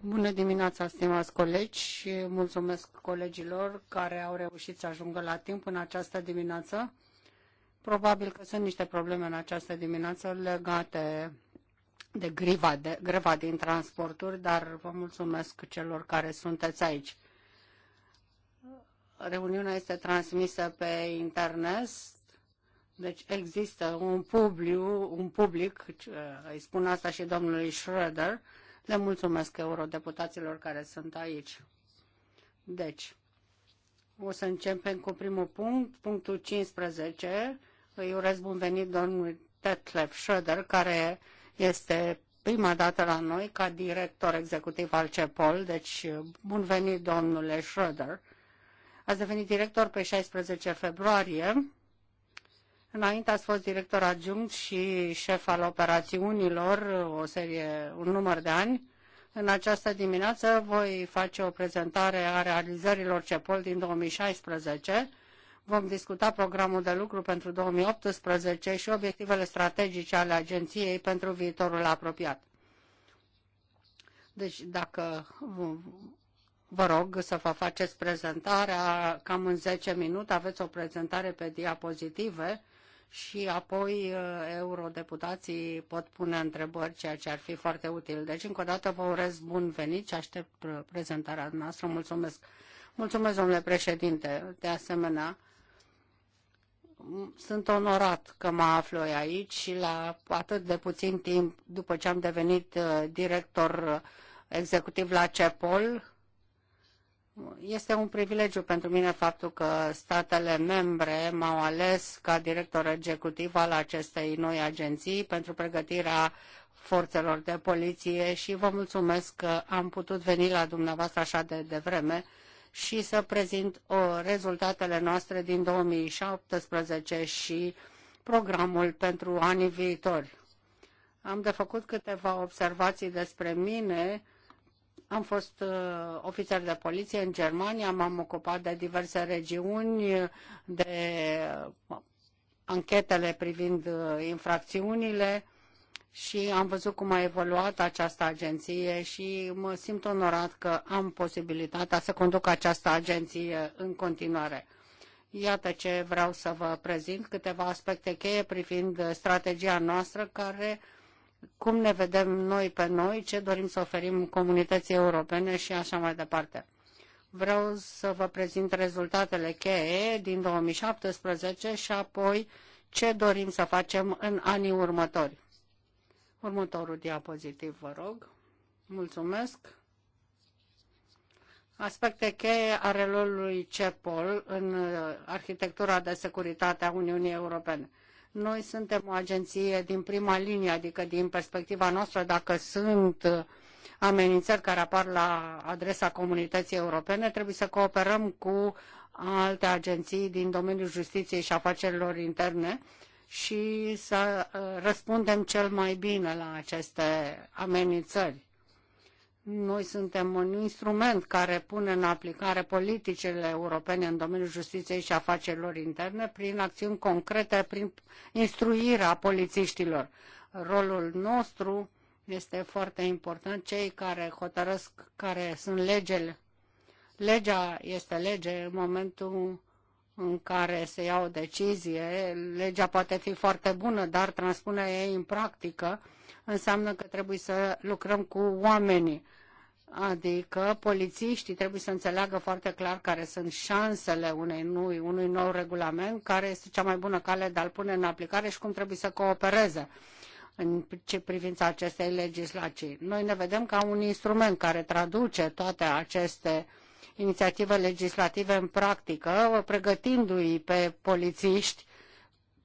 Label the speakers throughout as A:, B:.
A: Bună dimineața, stimați colegi. Mulțumesc colegilor care au reușit să ajungă la timp în această dimineață. Probabil că sunt niște probleme în această dimineață legate de griva, de greva din transporturi, dar vă mulțumesc celor care sunteți aici. Reuniunea este transmisă pe internet, deci există un public, un public, îi spun asta și domnului Schroeder, le mulțumesc eurodeputaților care sunt aici. Deci, o să începem cu primul punct, punctul 15. Îi urez bun venit domnului Tetlef Schroeder, care este prima dată la noi ca director executiv al CEPOL. Deci, bun venit domnule Schroeder. Ați devenit director pe 16 februarie Înainte ați fost director adjunct și șef al operațiunilor o serie, un număr de ani. În această dimineață voi face o prezentare a realizărilor CEPOL din 2016. Vom discuta programul de lucru pentru 2018 și obiectivele strategice ale agenției pentru viitorul apropiat. Deci, dacă vă rog să vă faceți prezentarea cam în 10 minute, aveți o prezentare pe diapozitive și apoi uh, eurodeputații pot pune întrebări, ceea ce ar fi foarte util. Deci, încă o dată, vă urez bun venit și aștept uh, prezentarea noastră. Mulțumesc! Mulțumesc, domnule președinte! De asemenea, sunt onorat că mă aflu aici și la atât de puțin timp după ce am devenit uh, director executiv la CEPOL, este un privilegiu pentru mine faptul că statele membre m-au ales ca director executiv al acestei noi agenții pentru pregătirea forțelor de poliție și vă mulțumesc că am putut veni la dumneavoastră așa de devreme și să prezint o, rezultatele noastre din 2017 și programul pentru anii viitori. Am de făcut câteva observații despre mine am fost uh, ofițer de poliție în Germania, m-am ocupat de diverse regiuni, de uh, anchetele privind uh, infracțiunile și am văzut cum a evoluat această agenție și mă simt onorat că am posibilitatea să conduc această agenție în continuare. Iată ce vreau să vă prezint, câteva aspecte cheie privind uh, strategia noastră care uh, cum ne vedem noi pe noi, ce dorim să oferim comunității europene și așa mai departe. Vreau să vă prezint rezultatele cheie din 2017 și apoi ce dorim să facem în anii următori. Următorul diapozitiv, vă rog. Mulțumesc. Aspecte cheie ale rolului CEPOL în arhitectura de securitate a Uniunii Europene. Noi suntem o agenție din prima linie, adică din perspectiva noastră, dacă sunt amenințări care apar la adresa comunității europene, trebuie să cooperăm cu alte agenții din domeniul justiției și afacerilor interne și să uh, răspundem cel mai bine la aceste amenințări. Noi suntem un instrument care pune în aplicare politicile europene în domeniul justiției și afacerilor interne prin acțiuni concrete, prin instruirea polițiștilor. Rolul nostru este foarte important. Cei care hotărăsc care sunt legele, legea este lege în momentul în care se ia o decizie. Legea poate fi foarte bună, dar transpunerea ei în practică înseamnă că trebuie să lucrăm cu oamenii. Adică polițiștii trebuie să înțeleagă foarte clar care sunt șansele unei noi, unui nou regulament, care este cea mai bună cale de a-l pune în aplicare și cum trebuie să coopereze în ce privința acestei legislații. Noi ne vedem ca un instrument care traduce toate aceste inițiative legislative în practică, pregătindu-i pe polițiști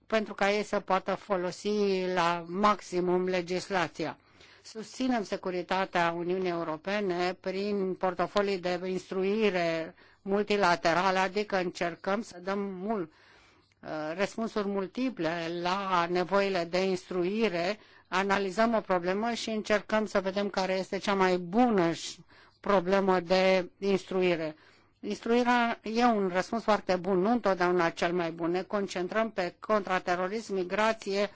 A: pentru ca ei să poată folosi la maximum legislația. Susținem securitatea Uniunii Europene prin portofolii de instruire multilaterale, adică încercăm să dăm mult uh, răspunsuri multiple la nevoile de instruire, analizăm o problemă și încercăm să vedem care este cea mai bună problemă de instruire. Instruirea e un răspuns foarte bun, nu întotdeauna cel mai bun. Ne concentrăm pe contraterorism, migrație,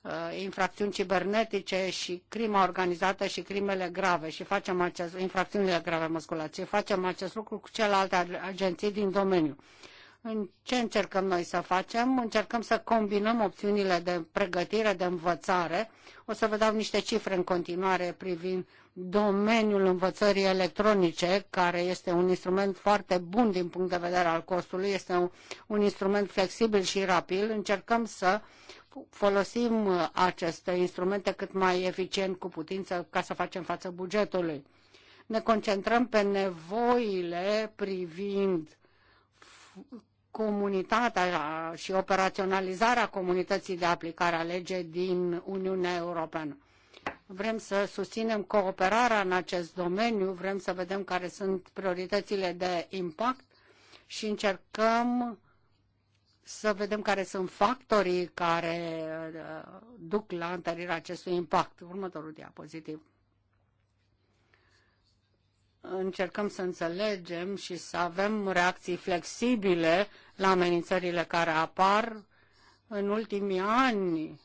A: uh, infracțiuni cibernetice și crima organizată și crimele grave și facem acest, infracțiunile grave, mă facem acest lucru cu celelalte agenții din domeniu. În ce încercăm noi să facem? Încercăm să combinăm opțiunile de pregătire, de învățare. O să vă dau niște cifre în continuare privind domeniul învățării electronice, care este un instrument foarte bun din punct de vedere al costului, este un, un instrument flexibil și rapid. Încercăm să folosim aceste instrumente cât mai eficient cu putință ca să facem față bugetului. Ne concentrăm pe nevoile privind comunitatea și operaționalizarea comunității de aplicare a legei din Uniunea Europeană. Vrem să susținem cooperarea în acest domeniu, vrem să vedem care sunt prioritățile de impact și încercăm să vedem care sunt factorii care uh, duc la întărirea acestui impact. Următorul diapozitiv încercăm să înțelegem și să avem reacții flexibile la amenințările care apar în ultimii ani.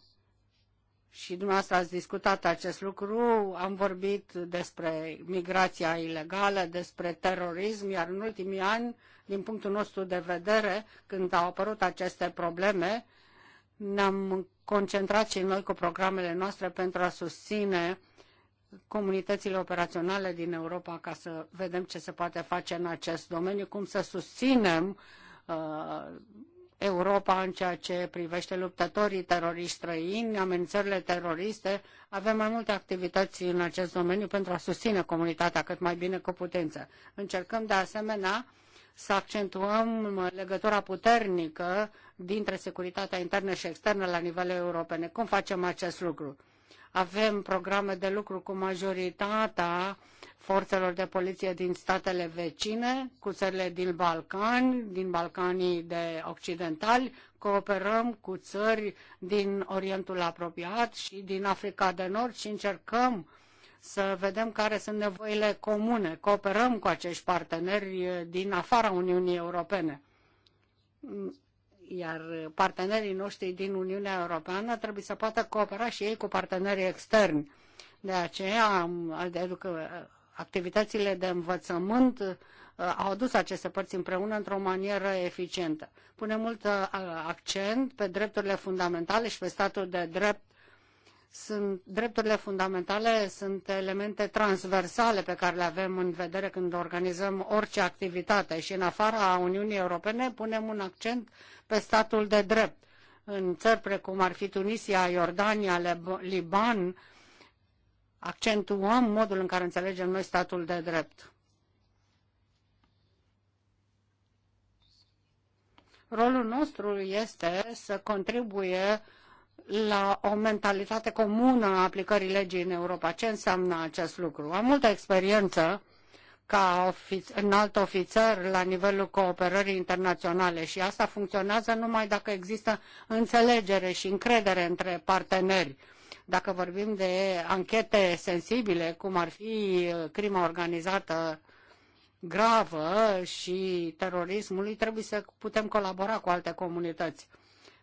A: Și dumneavoastră ați discutat acest lucru, am vorbit despre migrația ilegală, despre terorism, iar în ultimii ani, din punctul nostru de vedere, când au apărut aceste probleme, ne-am concentrat și noi cu programele noastre pentru a susține comunitățile operaționale din Europa ca să vedem ce se poate face în acest domeniu, cum să susținem uh, Europa în ceea ce privește luptătorii teroriști străini, amenințările teroriste. Avem mai multe activități în acest domeniu pentru a susține comunitatea cât mai bine cu putință. Încercăm de asemenea să accentuăm legătura puternică dintre securitatea internă și externă la nivel european. Cum facem acest lucru? Avem programe de lucru cu majoritatea forțelor de poliție din statele vecine, cu țările din Balcani, din Balcanii de Occidentali, cooperăm cu țări din Orientul apropiat și din Africa de Nord și încercăm să vedem care sunt nevoile comune. Cooperăm cu acești parteneri din afara Uniunii Europene iar partenerii noștri din Uniunea Europeană trebuie să poată coopera și ei cu partenerii externi. De aceea, activitățile de învățământ uh, au adus aceste părți împreună într-o manieră eficientă. Pune mult uh, accent pe drepturile fundamentale și pe statul de drept sunt drepturile fundamentale sunt elemente transversale pe care le avem în vedere când organizăm orice activitate și în afara Uniunii Europene punem un accent pe statul de drept. În țări precum ar fi Tunisia, Iordania, Liban, accentuăm modul în care înțelegem noi statul de drept. Rolul nostru este să contribuie la o mentalitate comună a aplicării legii în Europa. Ce înseamnă acest lucru? Am multă experiență ca înalt ofițer la nivelul cooperării internaționale și asta funcționează numai dacă există înțelegere și încredere între parteneri. Dacă vorbim de anchete sensibile, cum ar fi crima organizată gravă și terorismului, trebuie să putem colabora cu alte comunități.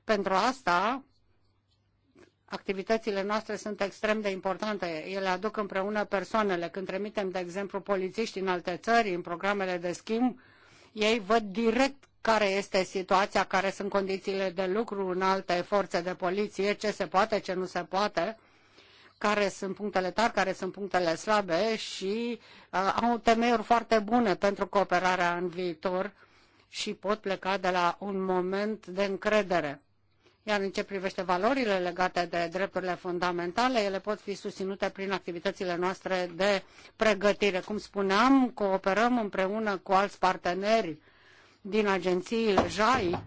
A: Pentru asta activitățile noastre sunt extrem de importante. Ele aduc împreună persoanele. Când trimitem, de exemplu, polițiști în alte țări, în programele de schimb, ei văd direct care este situația, care sunt condițiile de lucru în alte forțe de poliție, ce se poate, ce nu se poate, care sunt punctele tari, care sunt punctele slabe și uh, au temeiuri foarte bune pentru cooperarea în viitor și pot pleca de la un moment de încredere iar în ce privește valorile legate de drepturile fundamentale, ele pot fi susținute prin activitățile noastre de pregătire. Cum spuneam, cooperăm împreună cu alți parteneri din agențiile JAI,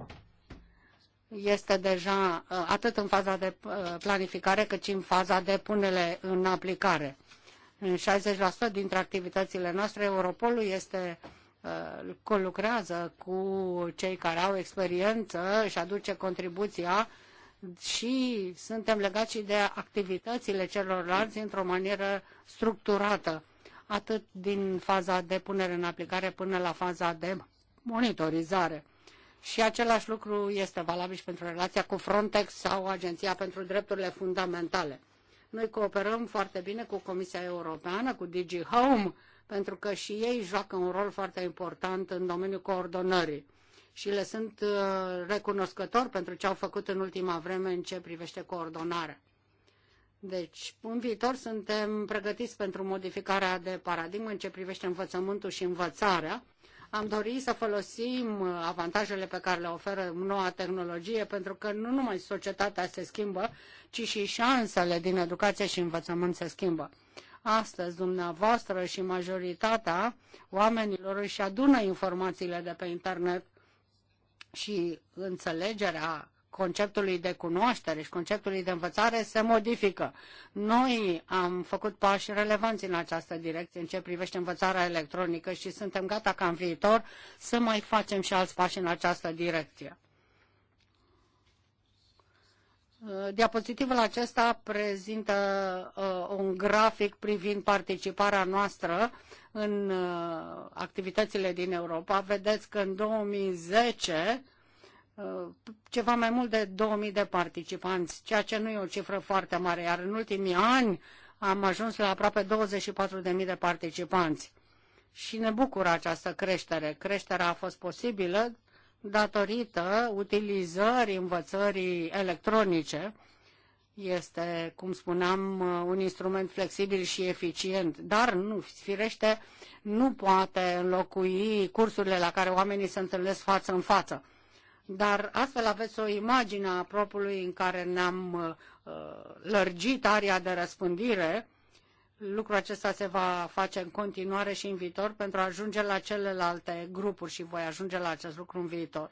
A: este deja uh, atât în faza de uh, planificare cât și în faza de punere în aplicare. În 60% dintre activitățile noastre, Europolul este Uh, colucrează cu cei care au experiență și aduce contribuția și suntem legați și de activitățile celorlalți într-o manieră structurată, atât din faza de punere în aplicare până la faza de monitorizare. Și același lucru este valabil și pentru relația cu Frontex sau Agenția pentru Drepturile Fundamentale. Noi cooperăm foarte bine cu Comisia Europeană, cu DG Home, pentru că și ei joacă un rol foarte important în domeniul coordonării și le sunt uh, recunoscător pentru ce au făcut în ultima vreme în ce privește coordonarea. Deci, în viitor suntem pregătiți pentru modificarea de paradigmă în ce privește învățământul și învățarea. Am dorit să folosim uh, avantajele pe care le oferă noua tehnologie, pentru că nu numai societatea se schimbă, ci și șansele din educație și învățământ se schimbă. Astăzi, dumneavoastră și majoritatea oamenilor își adună informațiile de pe internet și înțelegerea conceptului de cunoaștere și conceptului de învățare se modifică. Noi am făcut pași relevanți în această direcție în ce privește învățarea electronică și suntem gata ca în viitor să mai facem și alți pași în această direcție. Uh, diapozitivul acesta prezintă uh, un grafic privind participarea noastră în uh, activitățile din Europa. Vedeți că în 2010 uh, ceva mai mult de 2000 de participanți, ceea ce nu e o cifră foarte mare, iar în ultimii ani am ajuns la aproape 24.000 de participanți. Și ne bucură această creștere. Creșterea a fost posibilă datorită utilizării învățării electronice. Este, cum spuneam, un instrument flexibil și eficient, dar nu, firește, nu poate înlocui cursurile la care oamenii se întâlnesc față în față. Dar astfel aveți o imagine a propriului în care ne-am uh, lărgit aria de răspândire Lucrul acesta se va face în continuare și în viitor pentru a ajunge la celelalte grupuri și voi ajunge la acest lucru în viitor.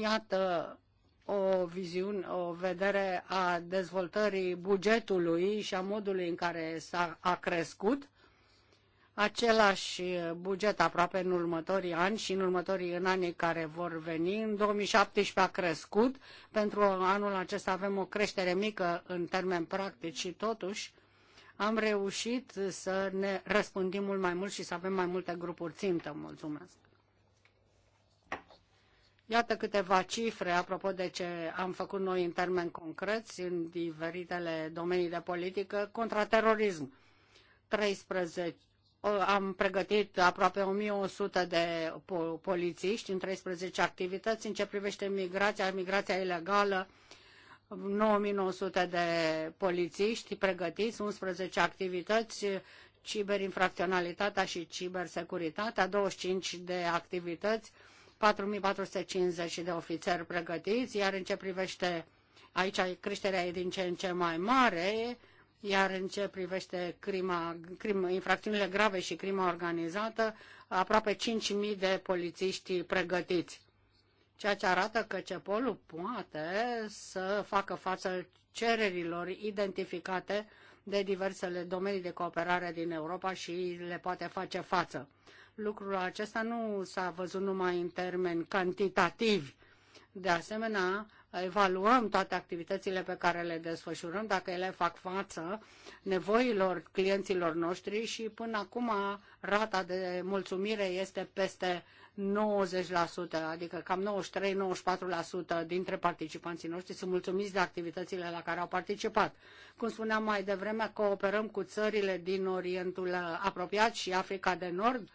A: Iată o viziune, o vedere a dezvoltării bugetului și a modului în care s-a a crescut. Același buget aproape în următorii ani și în următorii în anii care vor veni. În 2017 a crescut. Pentru anul acesta avem o creștere mică în termeni practici și totuși am reușit să ne răspândim mult mai mult și să avem mai multe grupuri țintă. Mulțumesc! Iată câteva cifre apropo de ce am făcut noi în termeni concreți în diferitele domenii de politică contra terorism. 13, am pregătit aproape 1100 de polițiști în 13 activități în ce privește migrația, migrația ilegală, 9900 de polițiști pregătiți, 11 activități, ciberinfracționalitatea și cibersecuritatea, 25 de activități, 4450 de ofițeri pregătiți, iar în ce privește aici creșterea e din ce în ce mai mare, iar în ce privește crima, crima, infracțiunile grave și crima organizată, aproape 5.000 de polițiști pregătiți ceea ce arată că Cepolul poate să facă față cererilor identificate de diversele domenii de cooperare din Europa și le poate face față. Lucrul acesta nu s-a văzut numai în termeni cantitativi. De asemenea, evaluăm toate activitățile pe care le desfășurăm, dacă ele fac față nevoilor clienților noștri și până acum rata de mulțumire este peste 90%, adică cam 93-94% dintre participanții noștri sunt mulțumiți de activitățile la care au participat. Cum spuneam mai devreme, cooperăm cu țările din Orientul apropiat și Africa de Nord.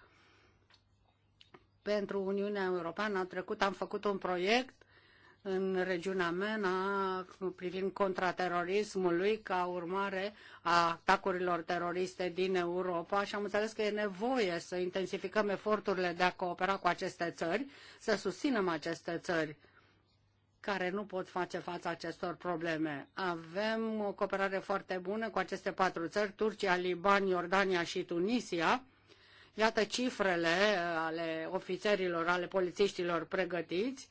A: Pentru Uniunea Europeană, A trecut am făcut un proiect în regiunea MENA privind contraterorismului ca urmare a atacurilor teroriste din Europa și am înțeles că e nevoie să intensificăm eforturile de a coopera cu aceste țări, să susținem aceste țări care nu pot face față acestor probleme. Avem o cooperare foarte bună cu aceste patru țări, Turcia, Liban, Iordania și Tunisia. Iată cifrele ale ofițerilor, ale polițiștilor pregătiți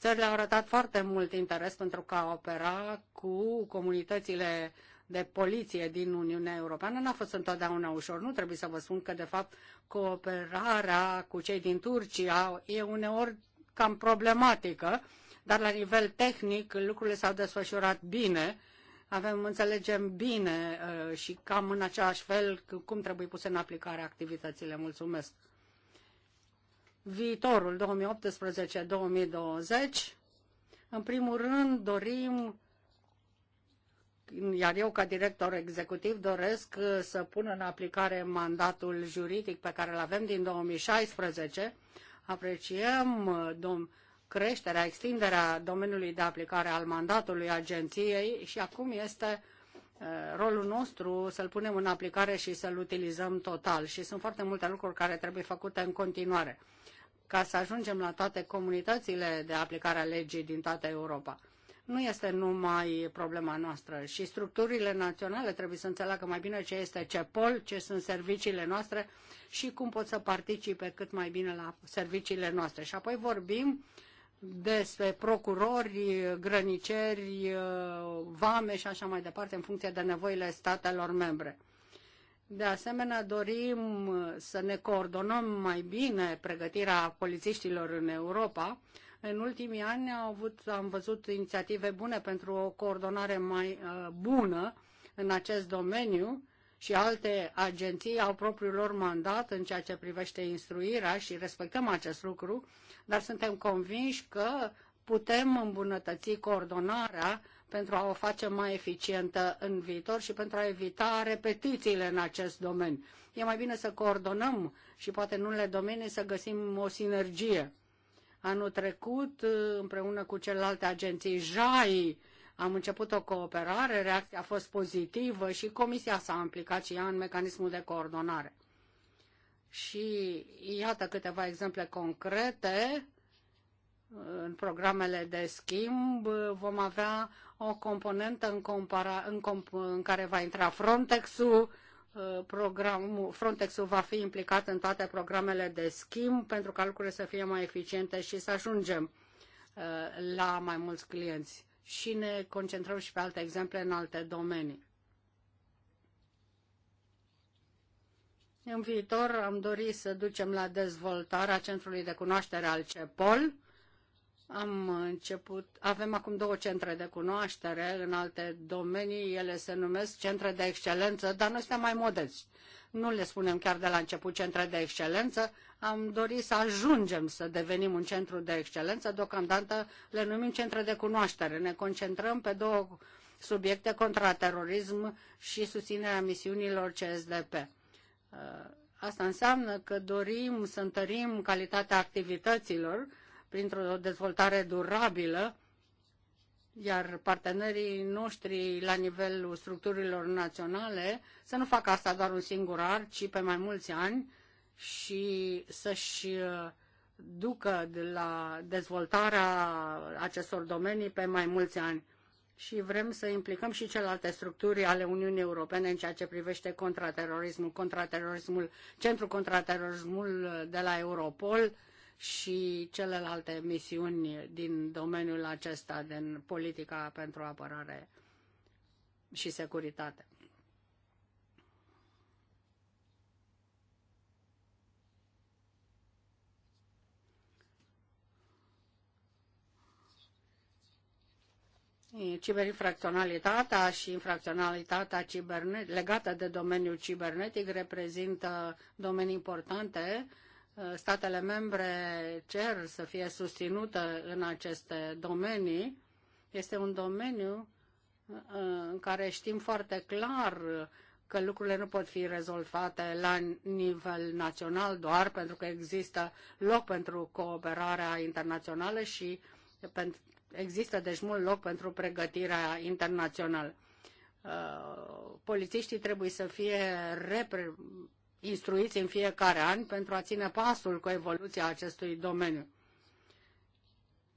A: Țările au arătat foarte mult interes pentru că a opera cu comunitățile de poliție din Uniunea Europeană n-a fost întotdeauna ușor. Nu trebuie să vă spun că, de fapt, cooperarea cu cei din Turcia e uneori cam problematică, dar la nivel tehnic lucrurile s-au desfășurat bine, avem, înțelegem bine uh, și cam în același fel cum trebuie puse în aplicare activitățile. Mulțumesc! viitorul 2018-2020. În primul rând dorim, iar eu ca director executiv doresc uh, să pun în aplicare mandatul juridic pe care îl avem din 2016. Apreciem uh, dom- creșterea, extinderea domeniului de aplicare al mandatului agenției și acum este uh, rolul nostru să-l punem în aplicare și să-l utilizăm total. Și sunt foarte multe lucruri care trebuie făcute în continuare ca să ajungem la toate comunitățile de aplicare a legii din toată Europa. Nu este numai problema noastră și structurile naționale trebuie să înțeleagă mai bine ce este CEPOL, ce sunt serviciile noastre și cum pot să participe cât mai bine la serviciile noastre. Și apoi vorbim despre procurori, grăniceri, vame și așa mai departe, în funcție de nevoile statelor membre. De asemenea, dorim să ne coordonăm mai bine pregătirea polițiștilor în Europa. În ultimii ani au avut, am văzut inițiative bune pentru o coordonare mai uh, bună în acest domeniu și alte agenții au propriul lor mandat în ceea ce privește instruirea și respectăm acest lucru, dar suntem convinși că putem îmbunătăți coordonarea pentru a o face mai eficientă în viitor și pentru a evita repetițiile în acest domeniu. E mai bine să coordonăm și poate în unele domenii să găsim o sinergie. Anul trecut, împreună cu celelalte agenții JAI, am început o cooperare, reacția a fost pozitivă și comisia s-a implicat și ea în mecanismul de coordonare. Și iată câteva exemple concrete în programele de schimb vom avea o componentă în, compara, în, comp, în care va intra Frontex-ul, uh, programul, Frontex-ul va fi implicat în toate programele de schimb pentru ca lucrurile să fie mai eficiente și să ajungem uh, la mai mulți clienți. Și ne concentrăm și pe alte exemple în alte domenii. În viitor am dorit să ducem la dezvoltarea Centrului de Cunoaștere al CEPOL, am început, avem acum două centre de cunoaștere în alte domenii, ele se numesc centre de excelență, dar noi suntem mai modeți. Nu le spunem chiar de la început centre de excelență, am dorit să ajungem să devenim un centru de excelență, deocamdată le numim centre de cunoaștere. Ne concentrăm pe două subiecte, contraterorism și susținerea misiunilor CSDP. Uh, asta înseamnă că dorim să întărim calitatea activităților printr-o dezvoltare durabilă, iar partenerii noștri la nivelul structurilor naționale să nu facă asta doar un singur an, ci pe mai mulți ani și să-și uh, ducă de la dezvoltarea acestor domenii pe mai mulți ani. Și vrem să implicăm și celelalte structuri ale Uniunii Europene în ceea ce privește contraterorismul, contraterorismul, centrul contraterorismul de la Europol, și celelalte misiuni din domeniul acesta, din politica pentru apărare și securitate. Ciberinfracționalitatea și infracționalitatea cibernet, legată de domeniul cibernetic reprezintă domenii importante uh, statele membre cer să fie susținută în aceste domenii. Este un domeniu uh, în care știm foarte clar că lucrurile nu pot fi rezolvate la nivel național doar pentru că există loc pentru cooperarea internațională și există deci mult loc pentru pregătirea internațională. Uh, polițiștii trebuie să fie repre instruiți în fiecare an pentru a ține pasul cu evoluția acestui domeniu.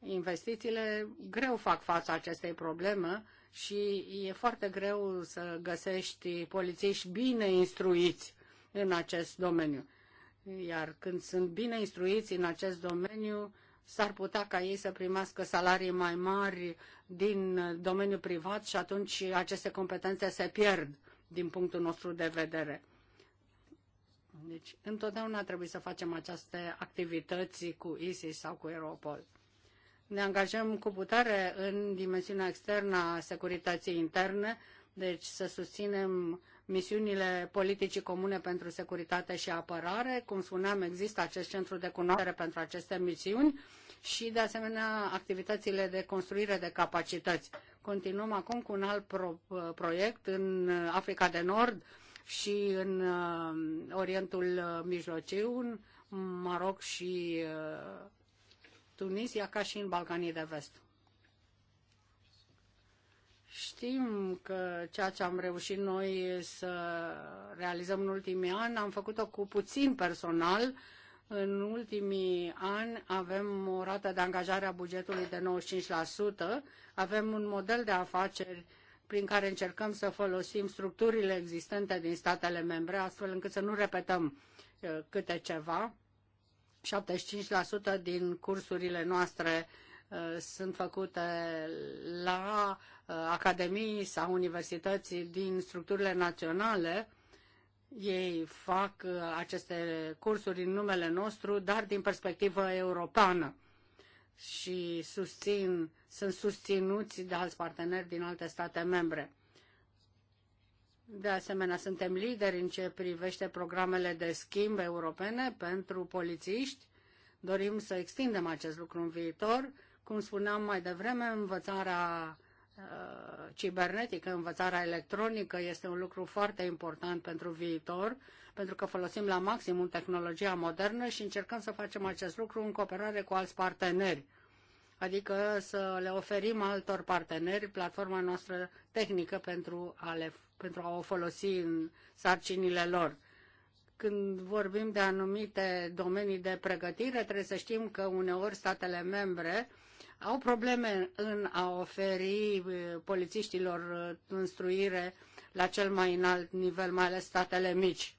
A: Investițiile greu fac față acestei probleme și e foarte greu să găsești polițiști bine instruiți în acest domeniu. Iar când sunt bine instruiți în acest domeniu, s-ar putea ca ei să primească salarii mai mari din domeniul privat și atunci aceste competențe se pierd din punctul nostru de vedere. Deci, întotdeauna trebuie să facem aceste activități cu ISIS sau cu Europol. Ne angajăm cu putere în dimensiunea externă a securității interne, deci să susținem misiunile politicii comune pentru securitate și apărare. Cum spuneam, există acest centru de cunoaștere pentru aceste misiuni și, de asemenea, activitățile de construire de capacități. Continuăm acum cu un alt pro- proiect în Africa de Nord, și în uh, Orientul Mijlociu, în Maroc și uh, Tunisia, ca și în Balcanii de Vest. Știm că ceea ce am reușit noi să realizăm în ultimii ani, am făcut-o cu puțin personal. În ultimii ani avem o rată de angajare a bugetului de 95%, avem un model de afaceri prin care încercăm să folosim structurile existente din statele membre, astfel încât să nu repetăm uh, câte ceva. 75% din cursurile noastre uh, sunt făcute la uh, academii sau universități din structurile naționale. Ei fac aceste cursuri în numele nostru, dar din perspectivă europeană și susțin, sunt susținuți de alți parteneri din alte state membre. De asemenea, suntem lideri în ce privește programele de schimb europene pentru polițiști. Dorim să extindem acest lucru în viitor. Cum spuneam mai devreme, învățarea Uh, cibernetică, învățarea electronică este un lucru foarte important pentru viitor, pentru că folosim la maximum tehnologia modernă și încercăm să facem acest lucru în cooperare cu alți parteneri. Adică să le oferim altor parteneri platforma noastră tehnică pentru a, le, pentru a o folosi în sarcinile lor. Când vorbim de anumite domenii de pregătire, trebuie să știm că uneori statele membre uh, au probleme în a oferi eh, polițiștilor eh, instruire la cel mai înalt nivel, mai ales statele mici.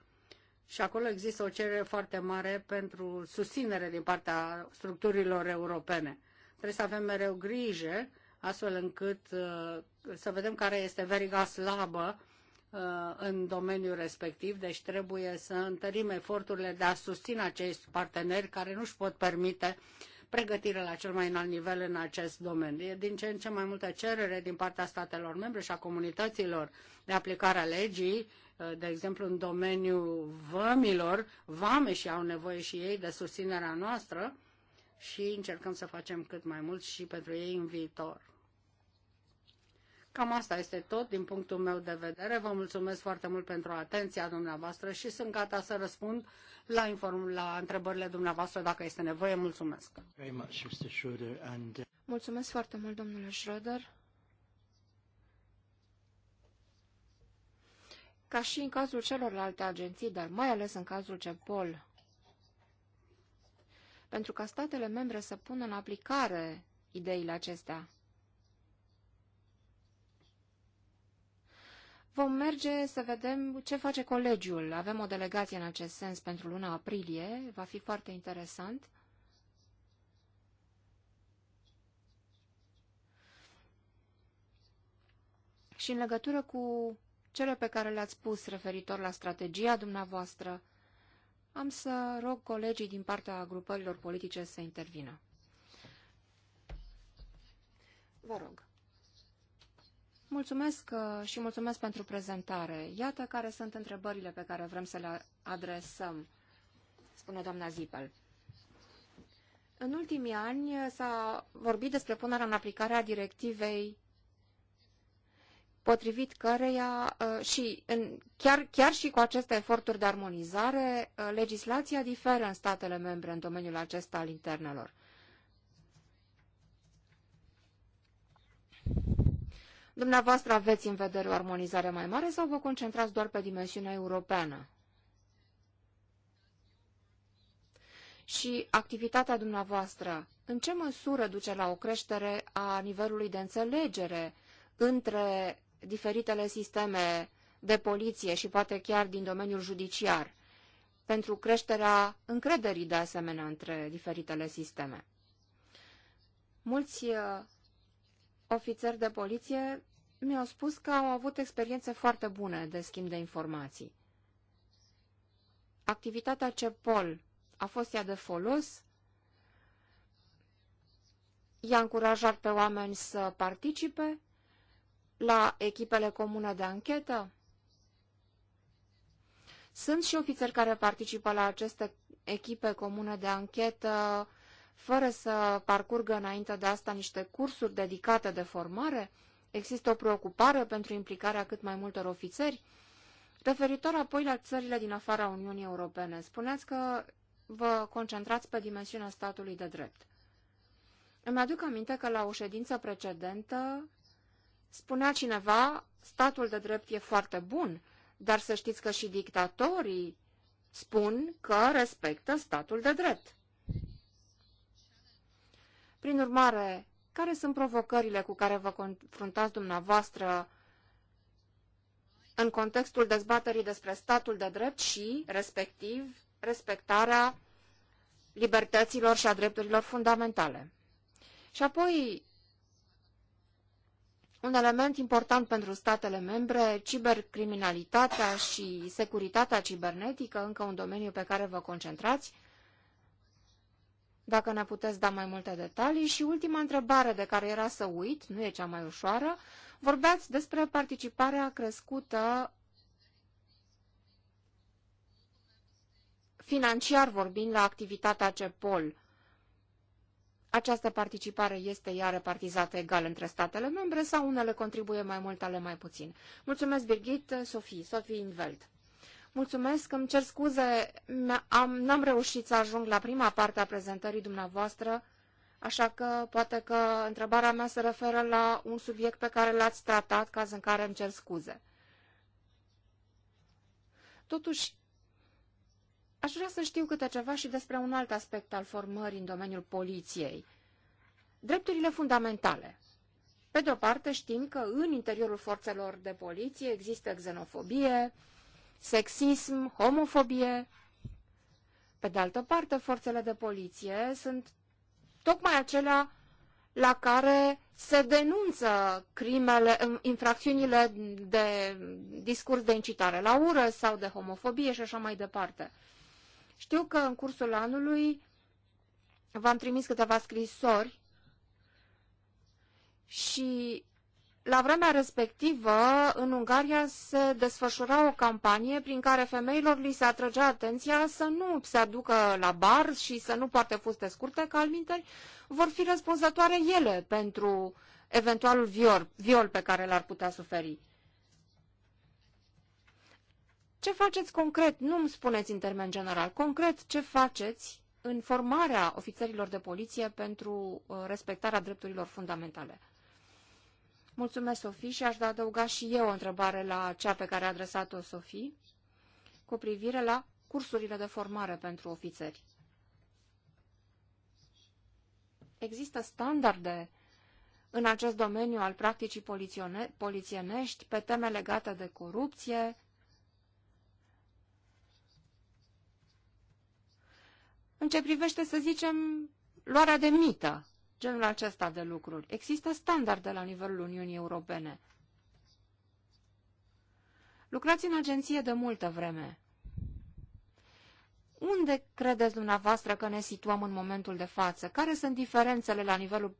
A: Și acolo există o cerere foarte mare pentru susținere din partea structurilor europene. Trebuie să avem mereu grijă, astfel încât eh, să vedem care este veriga slabă în domeniul respectiv, deci trebuie să întărim eforturile de a susține acești parteneri care nu își pot permite uh, pregătire la cel mai înalt nivel în acest domeniu. E din ce în ce mai multă cerere din partea statelor membre și a comunităților de aplicare a legii, uh, de exemplu în domeniul vămilor, vame și au nevoie și ei de susținerea noastră și încercăm să facem cât mai mult și pentru ei în viitor. Cam asta este tot din punctul meu de vedere. Vă mulțumesc foarte mult pentru atenția dumneavoastră și sunt gata să răspund la, inform, la întrebările dumneavoastră dacă este nevoie. Mulțumesc!
B: Uh,
C: Mulțumesc foarte mult, domnule Schroeder. Ca și în cazul celorlalte agenții, dar mai ales în cazul CEPOL, pentru ca statele membre să pună în aplicare ideile acestea. Vom merge să vedem ce face colegiul. Avem o delegație în acest sens pentru luna aprilie. Va fi foarte interesant. Și în legătură cu cele pe care le-ați spus referitor la strategia dumneavoastră, am să rog colegii din partea grupărilor politice să intervină. Vă rog. Mulțumesc uh, și mulțumesc pentru prezentare. Iată care sunt întrebările pe care vrem să le adresăm, spune doamna Zipel. În ultimii ani s-a vorbit despre punerea în aplicare a directivei potrivit căreia uh, și în, chiar, chiar și cu aceste eforturi de armonizare, uh, legislația diferă în statele membre în domeniul acesta al internelor. Dumneavoastră aveți în vedere o armonizare mai mare sau vă concentrați doar pe dimensiunea europeană? Și activitatea dumneavoastră, în ce măsură duce la o creștere a nivelului de înțelegere între diferitele sisteme de poliție și poate chiar din domeniul judiciar, pentru creșterea încrederii de asemenea între diferitele sisteme? Mulți uh, ofițeri de poliție mi-au spus că au avut experiențe foarte bune de schimb de informații. Activitatea CEPOL a fost ea de folos, i-a încurajat pe oameni să participe la echipele comune de anchetă. Sunt și ofițeri care participă la aceste echipe comune de anchetă fără să parcurgă înainte de asta niște cursuri dedicate de formare? Există o preocupare pentru implicarea cât mai multor ofițeri? Referitor apoi la țările din afara Uniunii Europene, spuneați că vă concentrați pe dimensiunea statului de drept. Îmi aduc aminte că la o ședință precedentă spunea cineva, statul de drept e foarte bun, dar să știți că și dictatorii spun că respectă statul de drept. Prin urmare, care sunt provocările cu care vă confruntați dumneavoastră în contextul dezbaterii despre statul de drept și, respectiv, respectarea libertăților și a drepturilor fundamentale. Și apoi, un element important pentru statele membre, cibercriminalitatea și securitatea cibernetică, încă un domeniu pe care vă concentrați, dacă ne puteți da mai multe detalii. Și ultima întrebare de care era să uit, nu e cea mai ușoară, vorbeați despre participarea crescută financiar vorbind la activitatea CEPOL. Această participare este ea repartizată egal între statele membre sau unele contribuie mai mult, ale mai puțin. Mulțumesc, Birgit, Sofie, Sofie Invelt. Mulțumesc, îmi cer scuze, n-am reușit să ajung la prima parte a prezentării dumneavoastră, așa că poate că întrebarea mea se referă la un subiect pe care l-ați tratat, caz în care îmi cer scuze. Totuși, aș vrea să știu câte ceva și despre un alt aspect al formării în domeniul poliției. Drepturile fundamentale. Pe de o parte știm că în interiorul forțelor de poliție există xenofobie, sexism, homofobie. Pe de altă parte, forțele de poliție sunt tocmai acelea la care se denunță crimele, infracțiunile de discurs de incitare la ură sau de homofobie și așa mai departe. Știu că în cursul anului v-am trimis câteva scrisori și la vremea respectivă, în Ungaria se desfășura o campanie prin care femeilor li se atrăgea atenția să nu se aducă la bar și să nu poarte fuste scurte, că alminteri vor fi răspunzătoare ele pentru eventualul viol, viol pe care l-ar putea suferi. Ce faceți concret? Nu îmi spuneți în termen general. Concret, ce faceți în formarea ofițerilor de poliție pentru uh, respectarea drepturilor fundamentale? Mulțumesc, Sofie, și aș adăuga și eu o întrebare la cea pe care a adresat-o Sofie cu privire la cursurile de formare pentru ofițeri. Există standarde în acest domeniu al practicii polițienești pe teme legate de corupție, în ce privește, să zicem, luarea de mită genul acesta de lucruri. Există standarde la nivelul Uniunii Europene. Lucrați în agenție de multă vreme. Unde credeți dumneavoastră că ne situăm în momentul de față? Care sunt diferențele la nivelul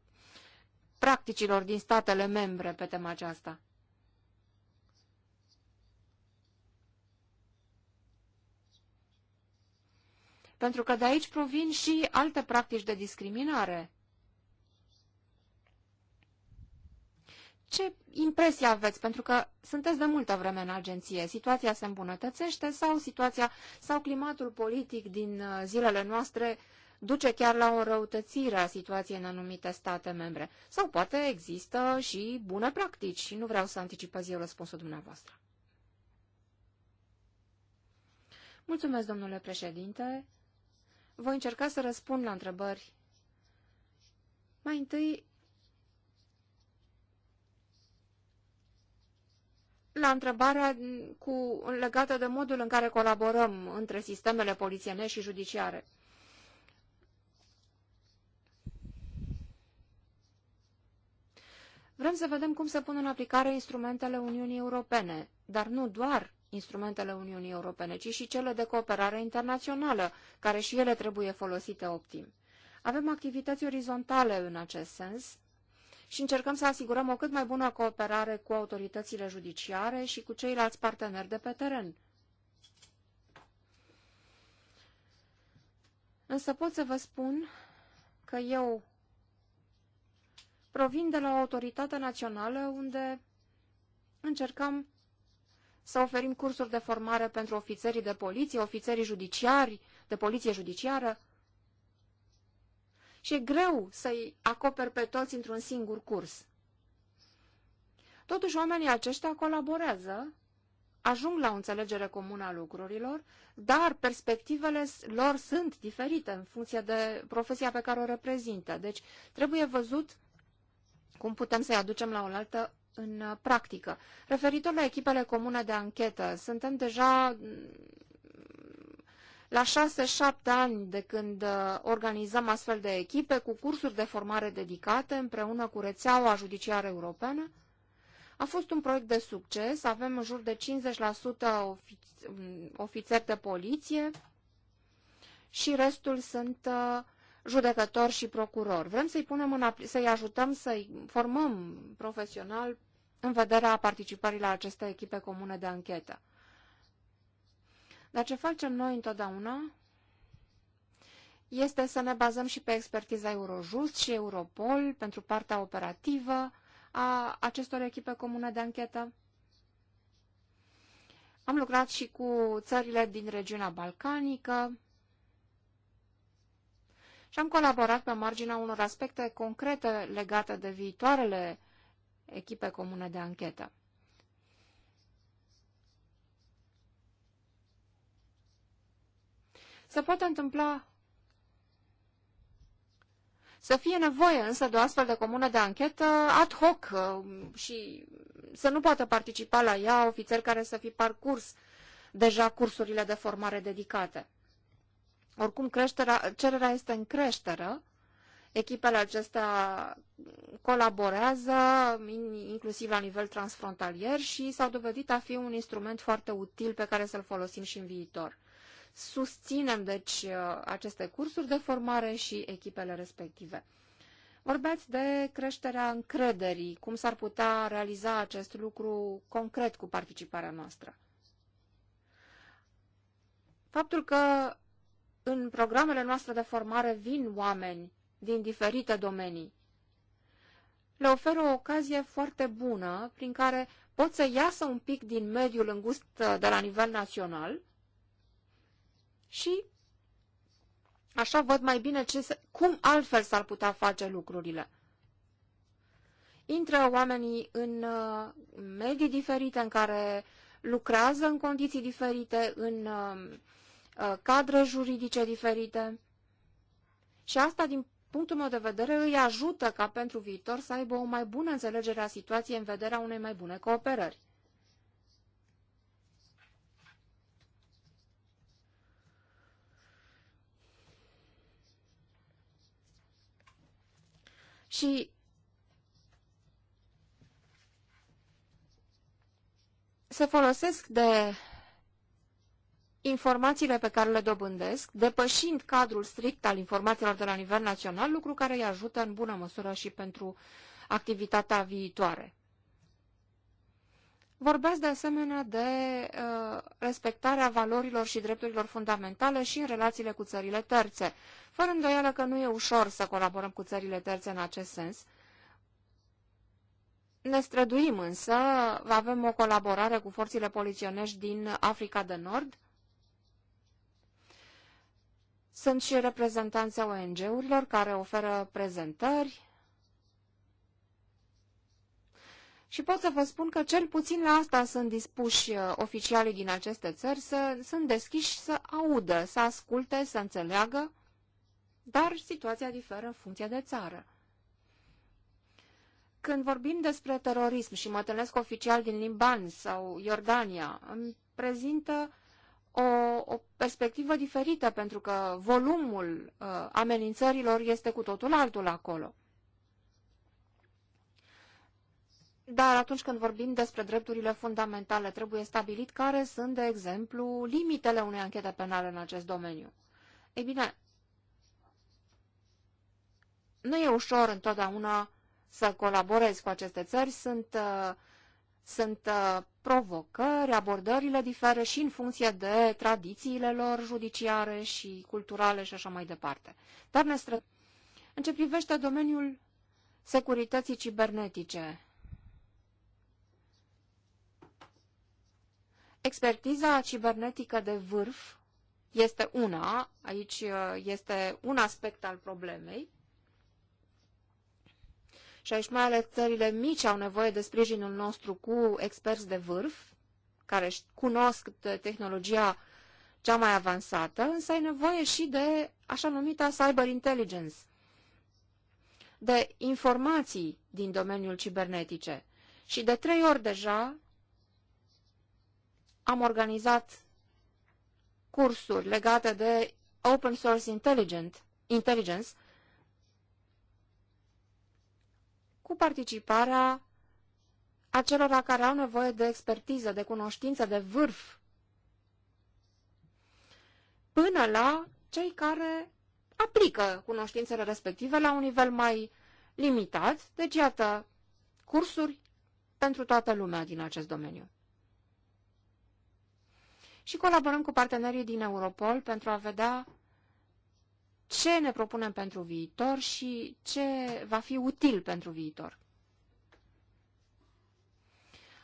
C: practicilor din statele membre pe tema aceasta? Pentru că de aici provin și alte practici de discriminare. Ce impresie aveți? Pentru că sunteți de multă vreme în agenție. Situația se îmbunătățește sau situația sau climatul politic din uh, zilele noastre duce chiar la o răutățire a situației în anumite state membre. Sau poate există și bune practici și nu vreau să anticipez eu răspunsul dumneavoastră. Mulțumesc, domnule președinte. Voi încerca să răspund la întrebări. Mai întâi, la întrebarea cu, legată de modul în care colaborăm între sistemele polițiene și judiciare. Vrem să vedem cum se pun în aplicare instrumentele Uniunii Europene, dar nu doar instrumentele Uniunii Europene, ci și cele de cooperare internațională, care și ele trebuie folosite optim. Avem activități orizontale în acest sens, și încercăm să asigurăm o cât mai bună cooperare cu autoritățile judiciare și cu ceilalți parteneri de pe teren. Însă pot să vă spun că eu provin de la o autoritate națională unde încercam să oferim cursuri de formare pentru ofițerii de poliție, ofițerii judiciari, de poliție judiciară, și e greu să-i acoperi pe toți într-un singur curs. Totuși, oamenii aceștia colaborează, ajung la o înțelegere comună a lucrurilor, dar perspectivele lor sunt diferite în funcție de profesia pe care o reprezintă. Deci, trebuie văzut cum putem să-i aducem la oaltă în uh, practică. Referitor la echipele comune de anchetă, suntem deja la șase-șapte ani de când uh, organizăm astfel de echipe cu cursuri de formare dedicate împreună cu rețeaua judiciară europeană, a fost un proiect de succes, avem în jur de 50% ofi mm, ofițeri de poliție și restul sunt uh, judecători și procurori. Vrem să-i punem în să-i ajutăm să-i formăm profesional în vederea participării la aceste echipe comune de anchetă. Dar ce facem noi întotdeauna este să ne bazăm și pe expertiza Eurojust și Europol pentru partea operativă a acestor echipe comune de anchetă. Am lucrat și cu țările din regiunea balcanică și am colaborat pe marginea unor aspecte concrete legate de viitoarele echipe comune de anchetă. se poate întâmpla să fie nevoie însă de o astfel de comună de anchetă ad hoc uh, și să nu poată participa la ea ofițeri care să fi parcurs deja cursurile de formare dedicate. Oricum, creșterea, cererea este în creștere. Echipele acestea colaborează, inclusiv la nivel transfrontalier, și s-au dovedit a fi un instrument foarte util pe care să-l folosim și în viitor. Susținem, deci, uh, aceste cursuri de formare și echipele respective. Vorbeați de creșterea încrederii, cum s-ar putea realiza acest lucru concret cu participarea noastră. Faptul că în programele noastre de formare vin oameni din diferite domenii, le oferă o ocazie foarte bună prin care pot să iasă un pic din mediul îngust uh, de la nivel național și așa văd mai bine ce se, cum altfel s-ar putea face lucrurile. Intră oamenii în uh, medii diferite în care lucrează în condiții diferite, în um, uh, cadre juridice diferite și asta din punctul meu de vedere, îi ajută ca pentru viitor să aibă o mai bună înțelegere a situației în vederea unei mai bune cooperări. Și se folosesc de informațiile pe care le dobândesc, depășind cadrul strict al informațiilor de la nivel național, lucru care îi ajută în bună măsură și pentru activitatea viitoare. Vorbesc de asemenea de uh, respectarea valorilor și drepturilor fundamentale și în relațiile cu țările terțe. Fără îndoială că nu e ușor să colaborăm cu țările terțe în acest sens. Ne străduim însă, avem o colaborare cu forțele poliționești din Africa de Nord. Sunt și reprezentanții ONG-urilor care oferă prezentări Și pot să vă spun că cel puțin la asta sunt dispuși uh, oficialii din aceste țări, să, sunt deschiși să audă, să asculte, să înțeleagă, dar situația diferă în funcție de țară. Când vorbim despre terorism și mă întâlnesc oficial din Liban sau Iordania, îmi prezintă o, o perspectivă diferită, pentru că volumul uh, amenințărilor este cu totul altul acolo. Dar atunci când vorbim despre drepturile fundamentale, trebuie stabilit care sunt, de exemplu, limitele unei anchete penale în acest domeniu. Ei bine, nu e ușor întotdeauna să colaborezi cu aceste țări, sunt, uh, sunt uh, provocări, abordările diferă și în funcție de tradițiile lor judiciare și culturale și așa mai departe. Dar ne stră... În ce privește domeniul securității cibernetice, Expertiza cibernetică de vârf este una, aici uh, este un aspect al problemei, și aici mai ales țările mici au nevoie de sprijinul nostru cu experți de vârf, care cunosc tehnologia cea mai avansată, însă ai nevoie și de așa numita cyber intelligence, de informații din domeniul cibernetice. Și de trei ori deja am organizat cursuri legate de Open Source Intelligent, Intelligence cu participarea acelora care au nevoie de expertiză, de cunoștință, de vârf, până la cei care aplică cunoștințele respective la un nivel mai limitat. Deci, iată, cursuri pentru toată lumea din acest domeniu și colaborăm cu partenerii din Europol pentru a vedea ce ne propunem pentru viitor și ce va fi util pentru viitor.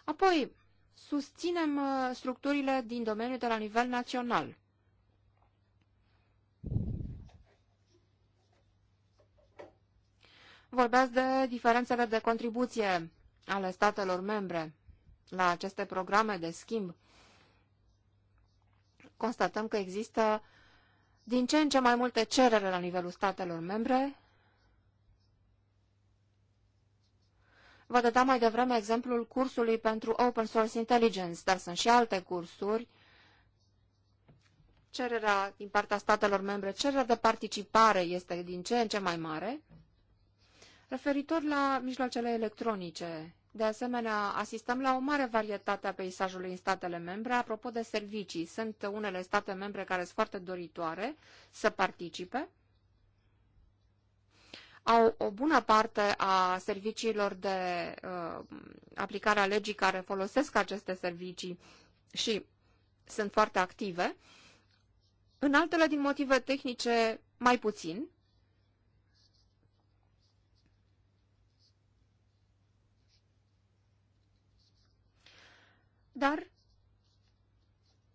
C: Apoi, susținem uh, structurile din domeniu de la nivel național. Vorbeați de diferențele de contribuție ale statelor membre la aceste programe de schimb constatăm că există din ce în ce mai multe cerere la nivelul statelor membre. Vă dădeam mai devreme exemplul cursului pentru Open Source Intelligence, dar sunt și alte cursuri. Cererea din partea statelor membre, cererea de participare este din ce în ce mai mare. Referitor la mijloacele electronice de asemenea, asistăm la o mare varietate a peisajului în statele membre. Apropo de servicii, sunt unele state membre care sunt foarte doritoare să participe. Au o bună parte a serviciilor de uh, aplicare a legii care folosesc aceste servicii și sunt foarte active. În altele, din motive tehnice, mai puțin, dar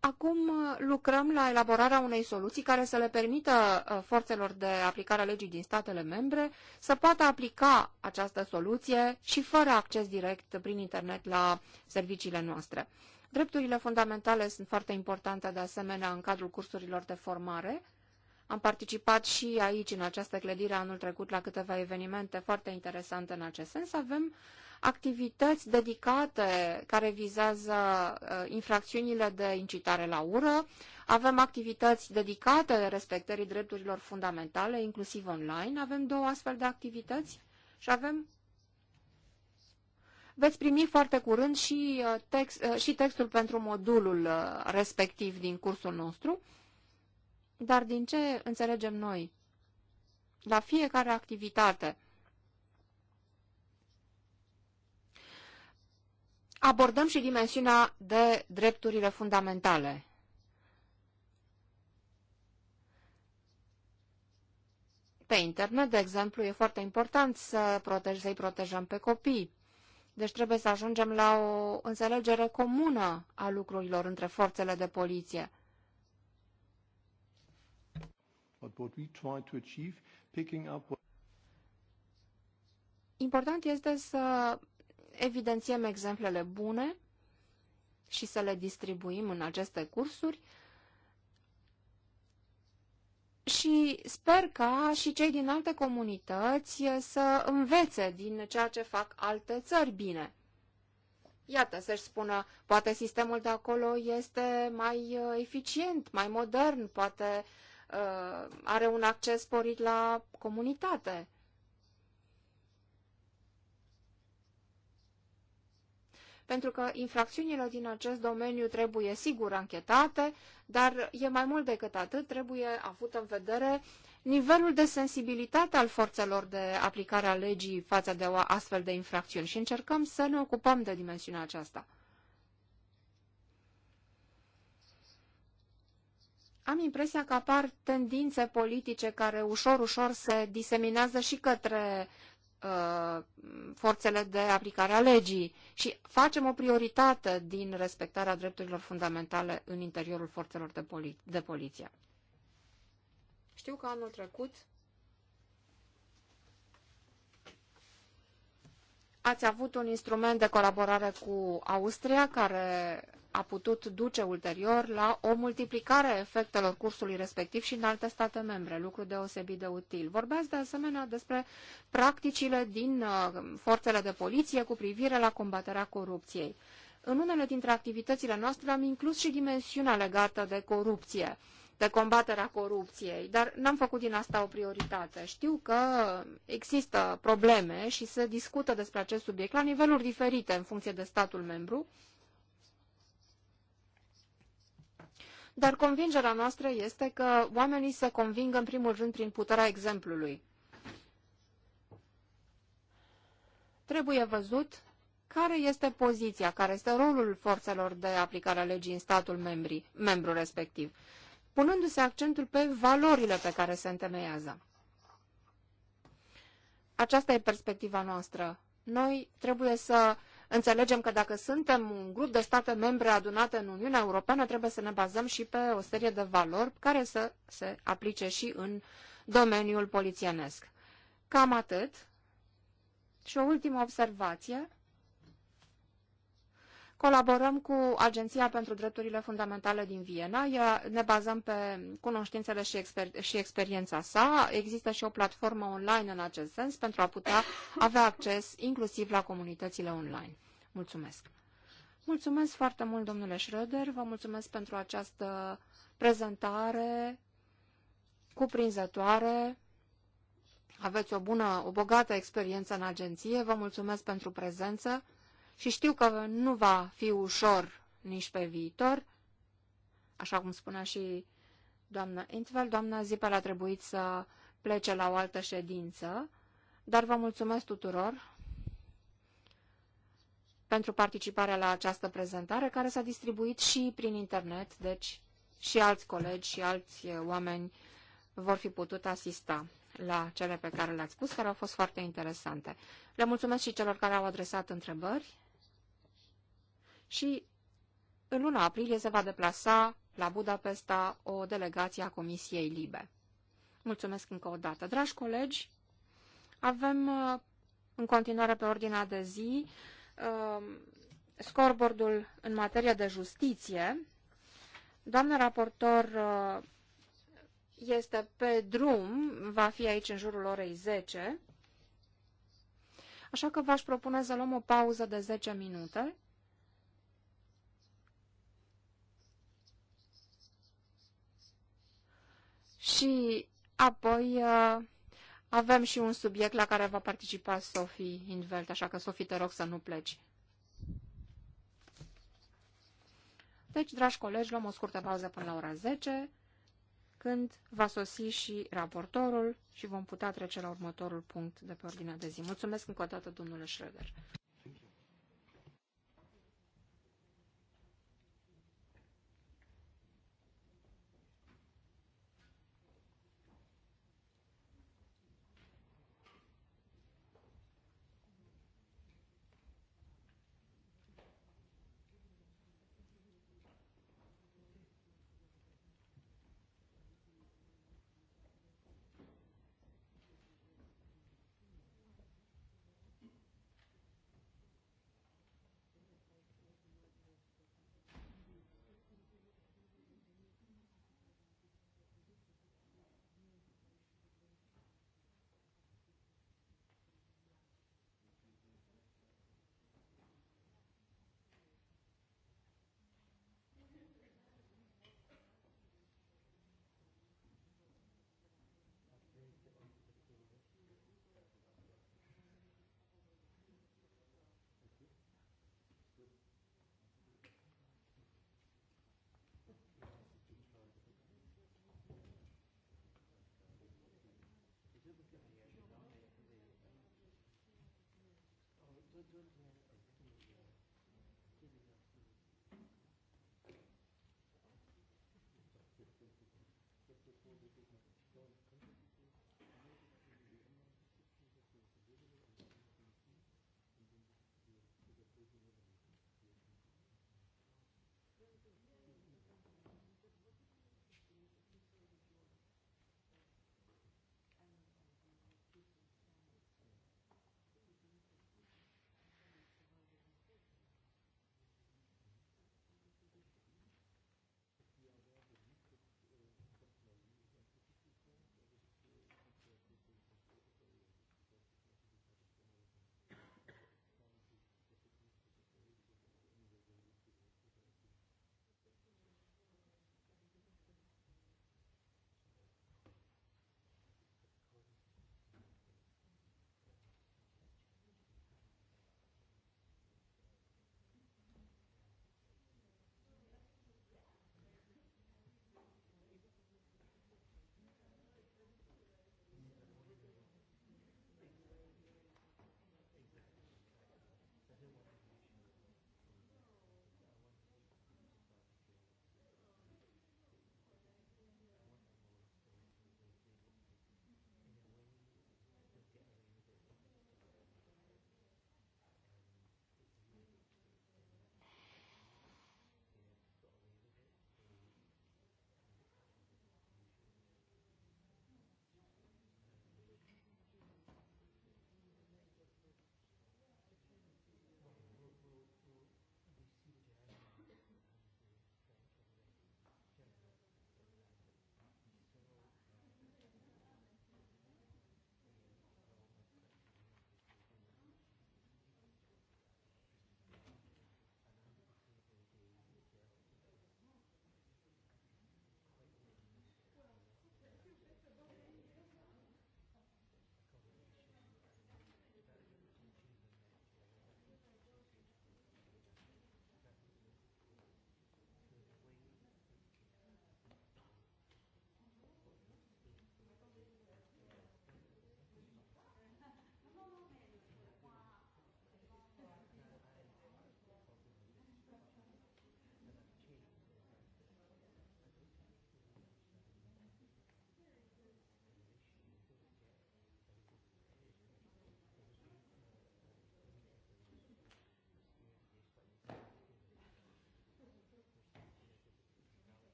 C: acum uh, lucrăm la elaborarea unei soluții care să le permită uh, forțelor de aplicare a legii din statele membre să poată aplica această soluție și fără acces direct prin internet la serviciile noastre. Drepturile fundamentale sunt foarte importante de asemenea în cadrul cursurilor de formare. Am participat și aici, în această clădire, anul trecut la câteva evenimente foarte interesante în acest sens. Avem uh, activități dedicate care vizează uh, infracțiunile de incitare la ură, avem activități dedicate respectării drepturilor fundamentale, inclusiv online, avem două astfel de activități și avem veți primi foarte curând și, uh, text, uh, și textul pentru modulul respectiv din cursul nostru. Dar din ce înțelegem noi? La fiecare activitate abordăm și dimensiunea de drepturile fundamentale. Pe internet, de exemplu, e foarte important să protej, să-i protejăm pe copii. Deci trebuie să ajungem la o înțelegere comună a lucrurilor între forțele de poliție. Important este să evidențiem exemplele bune și să le distribuim în aceste cursuri și sper ca și cei din alte comunități să învețe din ceea ce fac alte țări bine. Iată, să-și spună, poate sistemul de acolo este mai uh, eficient, mai modern, poate uh, are un acces sporit la comunitate. pentru că infracțiunile din acest domeniu trebuie sigur anchetate, dar e mai mult decât atât, trebuie avut în vedere nivelul de sensibilitate al forțelor de aplicare a legii față de o astfel de infracțiuni și încercăm să ne ocupăm de dimensiunea aceasta. Am impresia că apar tendințe politice care ușor, ușor se diseminează și către uh, Uh, forțele de aplicare a legii și facem o prioritate din respectarea drepturilor fundamentale în interiorul forțelor de, poli- de poliție. Știu că anul trecut ați avut un instrument de colaborare cu Austria care a putut duce ulterior la o multiplicare a efectelor cursului respectiv și în alte state membre, lucru deosebit de util. Vorbeați de asemenea despre practicile din uh, forțele de poliție cu privire la combaterea corupției. În unele dintre activitățile noastre am inclus și dimensiunea legată de corupție de combaterea corupției, dar n-am făcut din asta o prioritate. Știu că există probleme și se discută despre acest subiect la niveluri diferite în funcție de statul membru, dar convingerea noastră este că oamenii se conving în primul rând prin puterea exemplului. Trebuie văzut care este poziția, care este rolul forțelor de aplicare a legii în statul membri, membru respectiv, punându-se accentul pe valorile pe care se întemeiază. Aceasta e perspectiva noastră. Noi trebuie să uh, Înțelegem că dacă suntem un grup de state membre adunate în Uniunea Europeană, trebuie să ne bazăm și pe o serie de valori care să se aplice și în domeniul polițienesc. Cam atât. Și o ultimă observație. Colaborăm cu Agenția pentru Drepturile Fundamentale din Viena, ne bazăm pe cunoștințele și, exper- și experiența sa. Există și o platformă online în acest sens pentru a putea avea acces inclusiv la comunitățile online. Mulțumesc! Mulțumesc foarte mult, domnule Schröder, vă mulțumesc pentru această prezentare cuprinzătoare. Aveți o bună, o bogată experiență în agenție, vă mulțumesc pentru prezență și știu că nu va fi ușor nici pe viitor, așa cum spunea și doamna Intvel, doamna Zipel a trebuit să plece la o altă ședință, dar vă mulțumesc tuturor pentru participarea la această prezentare, care s-a distribuit și prin internet, deci și alți colegi și alți oameni vor fi putut asista la cele pe care le-ați spus, care au fost foarte interesante. Le mulțumesc și celor care au adresat întrebări și în luna aprilie se va deplasa la Budapesta o delegație a Comisiei Libe. Mulțumesc încă o dată. Dragi colegi, avem uh, în continuare pe ordinea de zi uh, scoreboardul în materie de justiție. Doamna raportor uh, este pe drum, va fi aici în jurul orei 10, așa că v-aș propune să luăm o pauză de 10 minute Și apoi uh, avem și un subiect la care va participa Sophie Invelt, așa că, Sophie, te rog să nu pleci. Deci, dragi colegi, luăm o scurtă pauză până la ora 10, când va sosi și raportorul și vom putea trece la următorul punct de pe ordinea de zi. Mulțumesc încă o dată, domnule
B: Schroeder. Crăciun.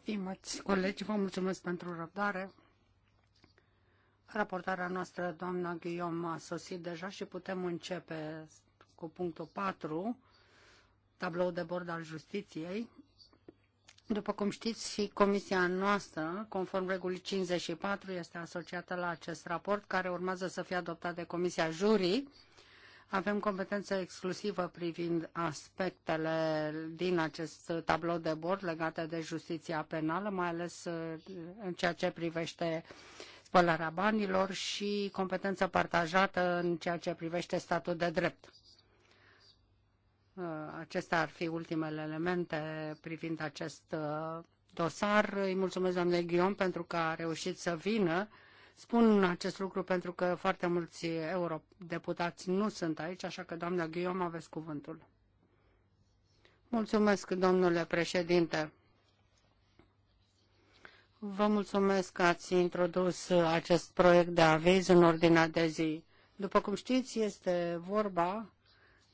A: Stimați colegi, vă mulțumesc pentru răbdare. Raportarea noastră, doamna Guillaume, a sosit deja și putem începe cu punctul 4, tablou de bord al justiției. După cum știți, și comisia noastră, conform regulii 54, este asociată la acest raport, care urmează să fie adoptat de Comisia Jurii avem competență exclusivă privind aspectele din acest tablou de bord legate de justiția penală, mai ales uh, în ceea ce privește spălarea banilor și competență partajată în ceea ce privește statul de drept. Uh, acestea ar fi ultimele elemente privind acest uh, dosar. Îi mulțumesc doamnei Ghion pentru că a reușit să vină Spun acest lucru pentru că foarte mulți eurodeputați nu sunt aici, așa că, doamna Ghiom, aveți cuvântul. Mulțumesc, domnule președinte. Vă mulțumesc că ați introdus acest proiect de aviz în ordinea de zi. După cum știți, este vorba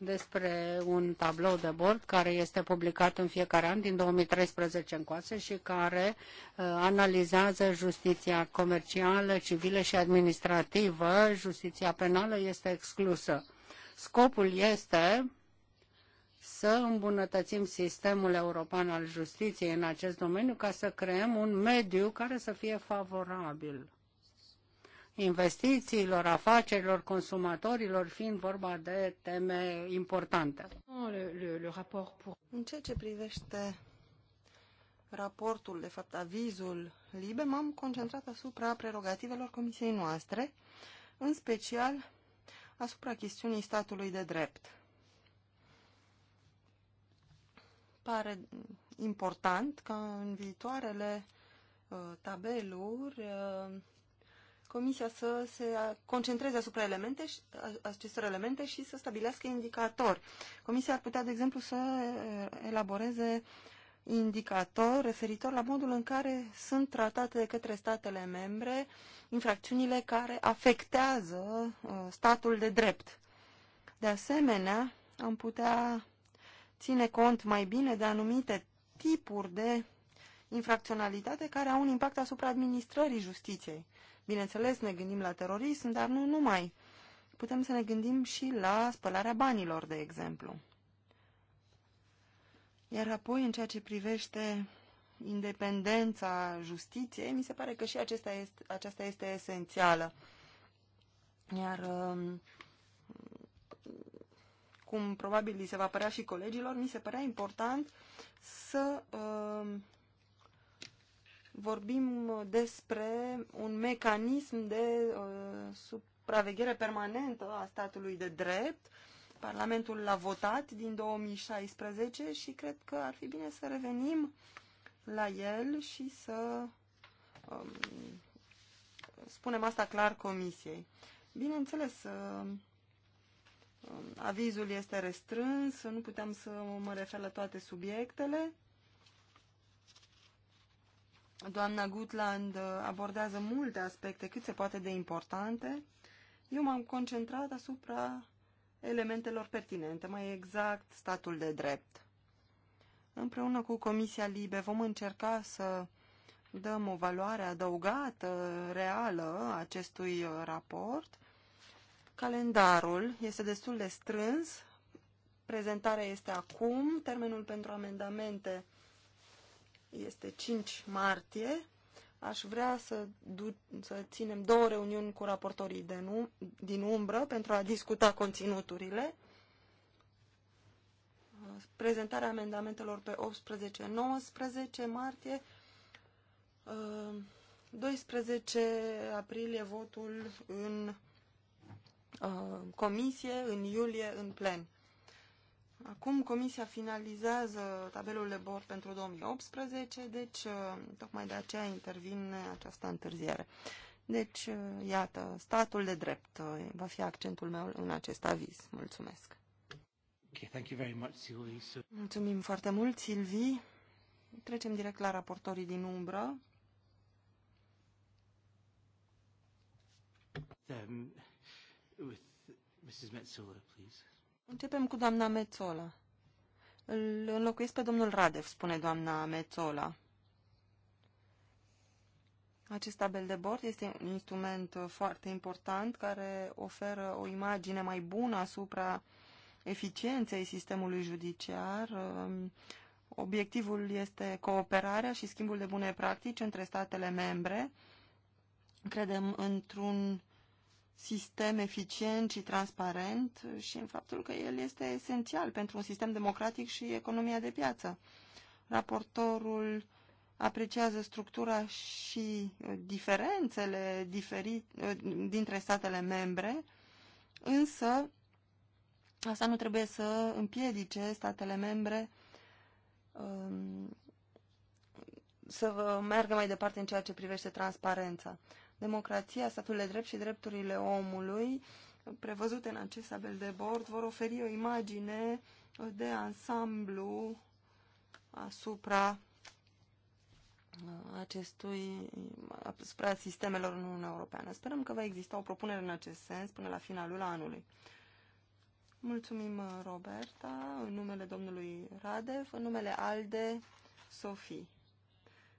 A: despre un tablou de bord care este publicat în fiecare an din 2013 încoace și care uh, analizează justiția comercială, civilă și administrativă. Justiția penală este exclusă. Scopul este să îmbunătățim sistemul european al justiției în acest domeniu ca să creăm un mediu care să fie favorabil investițiilor, afacerilor, consumatorilor, fiind vorba de teme importante.
D: În ceea ce privește raportul, de fapt avizul LIBE, m-am concentrat asupra prerogativelor comisiei noastre, în special asupra chestiunii statului de drept. Pare important ca în viitoarele uh, tabeluri uh, Comisia să se concentreze asupra elemente, acestor elemente și să stabilească indicatori. Comisia ar putea, de exemplu, să eh, elaboreze indicator referitor la modul în care sunt tratate de către statele membre infracțiunile care afectează eh, statul de drept. De asemenea, am putea ține cont mai bine de anumite tipuri de infracționalitate care au un impact asupra administrării justiției. Bineînțeles, ne gândim la terorism, dar nu numai. Putem să ne gândim și la spălarea banilor, de exemplu. Iar apoi, în ceea ce privește independența justiției, mi se pare că și acesta este, aceasta este esențială. Iar um, cum probabil li se va părea și colegilor, mi se părea important să uh, vorbim despre un mecanism de uh, supraveghere permanentă a statului de drept. Parlamentul l-a votat din 2016 și cred că ar fi bine să revenim la el și să um, spunem asta clar comisiei. Bineînțeles, uh, um, avizul este restrâns, nu puteam să mă refer la toate subiectele Doamna Gutland abordează multe aspecte cât se poate de importante. Eu m-am concentrat asupra elementelor pertinente, mai exact statul de drept. Împreună cu Comisia Libe vom încerca să dăm o valoare adăugată, reală, acestui raport. Calendarul este destul de strâns. Prezentarea este acum. Termenul pentru amendamente este 5 martie. Aș vrea să, să ținem două reuniuni cu raportorii de num din umbră pentru a discuta conținuturile. Prezentarea amendamentelor pe 18-19 martie. 12 uh, aprilie votul în uh, comisie, în iulie în plen. Acum Comisia finalizează tabelul de bord pentru 2018, deci uh, tocmai de aceea intervine această întârziere. Deci, uh, iată, statul de drept uh, va fi accentul meu în acest
B: aviz. Mulțumesc. Okay, thank you very much,
D: Mulțumim foarte mult, Silvi. Trecem direct la raportorii din umbră.
B: Um, with Mrs. Metzola, please.
D: Începem cu doamna Mețola. Îl înlocuiesc pe domnul Radev, spune doamna Mețola. Acest tabel de bord este un instrument foarte important care oferă o imagine mai bună asupra eficienței sistemului judiciar. Um, obiectivul este cooperarea și schimbul de bune practici între statele membre. Credem într-un sistem eficient și transparent și în faptul că el este esențial pentru un sistem democratic și economia de piață. Raportorul apreciază structura și uh, diferențele diferit, uh, dintre statele membre, însă asta nu trebuie să împiedice statele membre um, să meargă mai departe în ceea ce privește transparența democrația, statul de drept și drepturile omului prevăzute în acest tabel de bord vor oferi o imagine de ansamblu asupra uh, acestui, asupra sistemelor în Uniunea Europeană. Sperăm că va exista o propunere în acest sens până la finalul anului. Mulțumim, uh, Roberta, în numele domnului Radev, în numele ALDE, Sofie.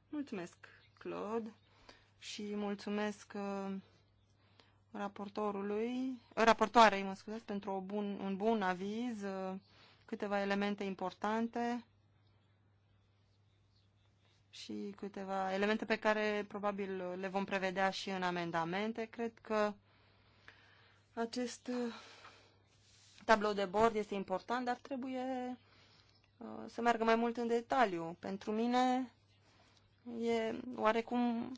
D: Mulțumesc, Claude și mulțumesc uh, raportorului, uh, raportoarei, mă scuzați, pentru o bun, un bun aviz, uh, câteva elemente importante și câteva elemente pe care probabil le vom prevedea și în amendamente. Cred că acest tablou de bord este important, dar trebuie să meargă mai mult în detaliu. Pentru mine e oarecum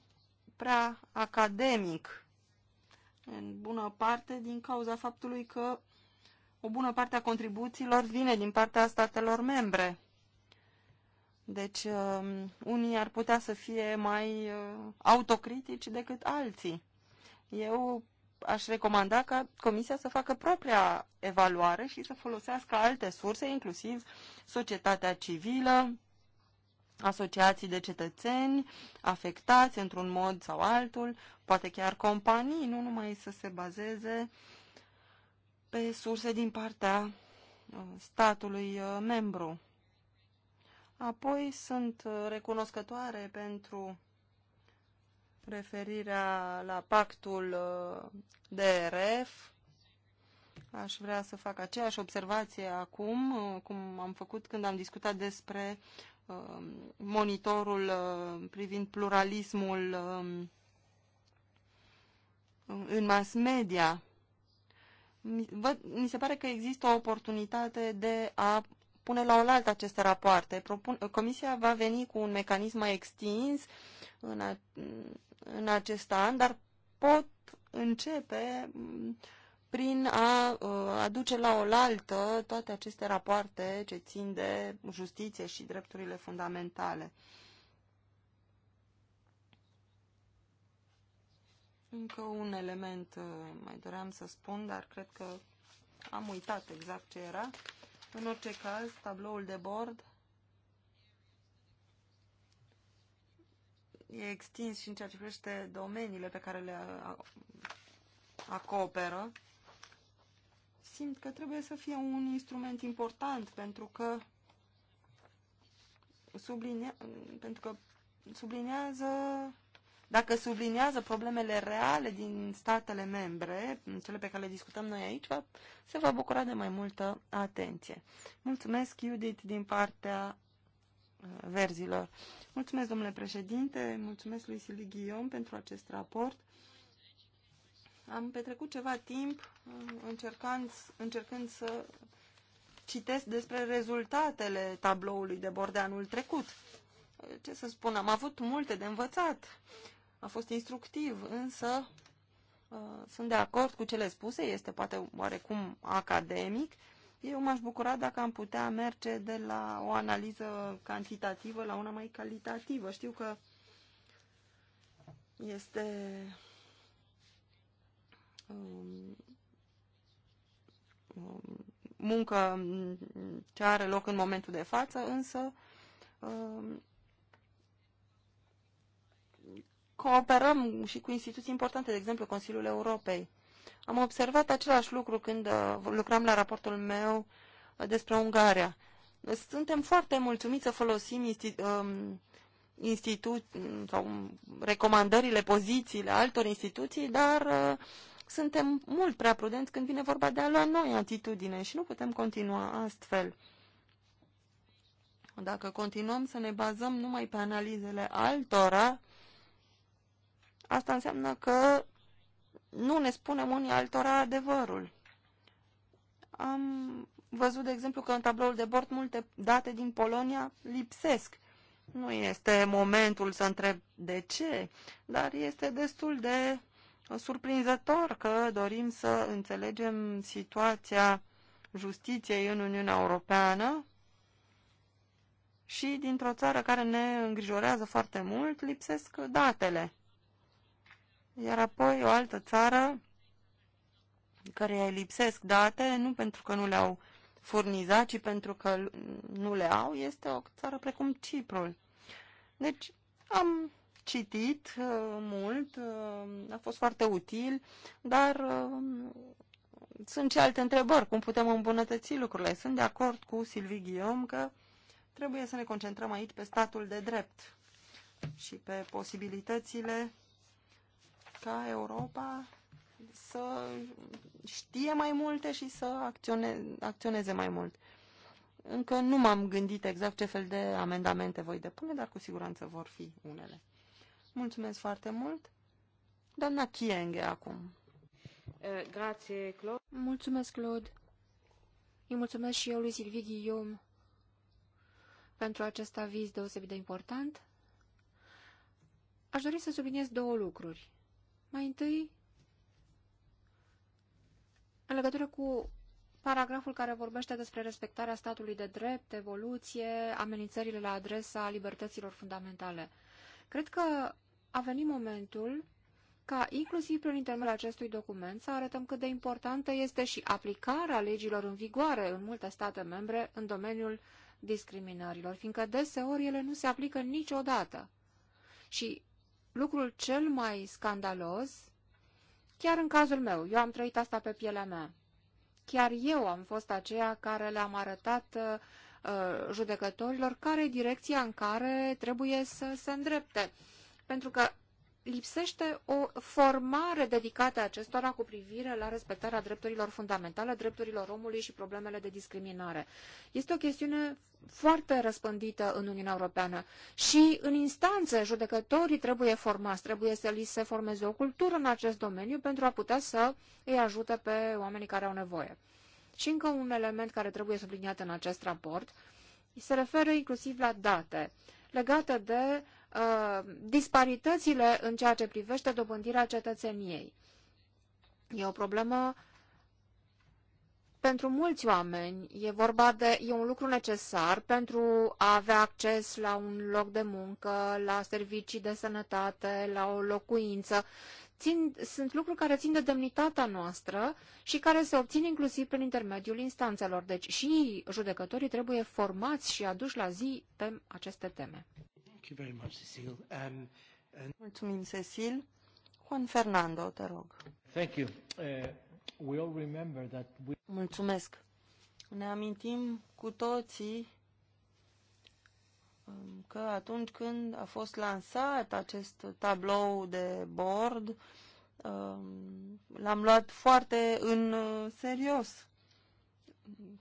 D: prea academic, în bună parte din cauza faptului că o bună parte a contribuțiilor vine din partea statelor membre. Deci, um, unii ar putea să fie mai uh, autocritici decât alții. Eu aș recomanda ca Comisia să facă propria evaluare și să folosească alte surse, inclusiv societatea civilă, asociații de cetățeni afectați într-un mod sau altul, poate chiar companii, nu numai să se bazeze pe surse din partea uh, statului uh, membru. Apoi sunt uh, recunoscătoare pentru referirea la pactul DRF. Aș vrea să fac aceeași observație acum, cum am făcut când am discutat despre Um, monitorul um, privind pluralismul um, în mass media. Mi se pare că există o oportunitate de a pune la oaltă aceste rapoarte. Propun, comisia va veni cu un mecanism mai extins în, a, în acest an, dar pot începe prin a uh, aduce la oaltă toate aceste rapoarte ce țin de justiție și drepturile fundamentale. Încă un element uh, mai doream să spun, dar cred că am uitat exact ce era. În orice caz, tabloul de bord e extins și în ceea ce privește domeniile pe care le acoperă simt că trebuie să fie un instrument important pentru că sublinea, pentru că sublinează dacă sublinează problemele reale din statele membre, cele pe care le discutăm noi aici, va, se va bucura de mai multă atenție. Mulțumesc, Judith, din partea uh, verzilor. Mulțumesc, domnule președinte, mulțumesc lui Silvi Ghion pentru acest raport. Am petrecut ceva timp um, încercând, încercând să citesc despre rezultatele tabloului de bord de anul trecut. Ce să spun, am avut multe de învățat. A fost instructiv, însă uh, sunt de acord cu cele spuse, este poate oarecum academic. Eu m-aș bucura dacă am putea merge de la o analiză cantitativă la una mai calitativă. Știu că este Um, um, muncă ce are loc în momentul de față, însă um, cooperăm și cu instituții importante, de exemplu Consiliul Europei. Am observat același lucru când uh, lucram la raportul meu uh, despre Ungaria. Suntem foarte mulțumiți să folosim institu- sau recomandările, pozițiile altor instituții, dar uh, suntem mult prea prudenți când vine vorba de a lua noi atitudine și nu putem continua astfel. Dacă continuăm să ne bazăm numai pe analizele altora, asta înseamnă că nu ne spunem unii altora adevărul. Am văzut, de exemplu, că în tabloul de bord multe date din Polonia lipsesc. Nu este momentul să întreb de ce, dar este destul de surprinzător că dorim să înțelegem situația justiției în Uniunea Europeană și dintr-o țară care ne îngrijorează foarte mult, lipsesc datele. Iar apoi o altă țară care îi lipsesc date, nu pentru că nu le-au furnizat, ci pentru că nu le au, este o țară precum Ciprul. Deci am citit uh, mult, uh, a fost foarte util, dar uh, sunt și alte întrebări, cum putem îmbunătăți lucrurile. Sunt de acord cu Silvi Ghiom că trebuie să ne concentrăm aici pe statul de drept și pe posibilitățile ca Europa să știe mai multe și să acțione, acționeze mai mult. Încă nu m-am gândit exact ce fel de amendamente voi depune, dar cu siguranță vor fi unele. Mulțumesc foarte mult.
C: Doamna Chienghe acum.
A: Uh, grație, Claude.
C: Mulțumesc, Claude. Îi mulțumesc și eu lui Silvi Ghiom pentru acest aviz deosebit de important. Aș dori să subliniez două lucruri. Mai întâi, în legătură cu paragraful care vorbește despre respectarea statului de drept, evoluție, amenințările la adresa libertăților fundamentale. Cred că a venit momentul ca, inclusiv prin intermediul acestui document, să arătăm cât de importantă este și aplicarea legilor în vigoare în multe state membre în domeniul discriminărilor, fiindcă deseori ele nu se aplică niciodată. Și lucrul cel mai scandalos, chiar în cazul meu, eu am trăit asta pe pielea mea, chiar eu am fost aceea care le-am arătat uh, uh judecătorilor care e direcția în care trebuie să se îndrepte pentru că lipsește o formare dedicată acestora cu privire la respectarea drepturilor fundamentale, drepturilor omului și problemele de discriminare. Este o chestiune foarte răspândită în Uniunea Europeană și în instanțe judecătorii trebuie formați, trebuie să li se formeze o cultură în acest domeniu pentru a putea să îi ajute pe oamenii care au nevoie. Și încă un element care trebuie subliniat în acest raport se referă inclusiv la date legate de Uh, disparitățile în ceea ce privește dobândirea cetățeniei. E o problemă pentru mulți oameni. E vorba de, e un lucru necesar pentru a avea acces la un loc de muncă, la servicii de sănătate, la o locuință. Țin, sunt lucruri care țin de demnitatea noastră și care se obțin inclusiv prin intermediul instanțelor. Deci și judecătorii trebuie formați și aduși la zi pe aceste teme
B: you very much, Cecil. Um, and...
D: Mulțumim, Cecil. Juan Fernando, te rog.
B: Thank you. Uh, we all remember that we... Mulțumesc.
D: Ne amintim cu toții um, că atunci când a fost lansat acest tablou de bord, um, l-am luat foarte în uh, serios.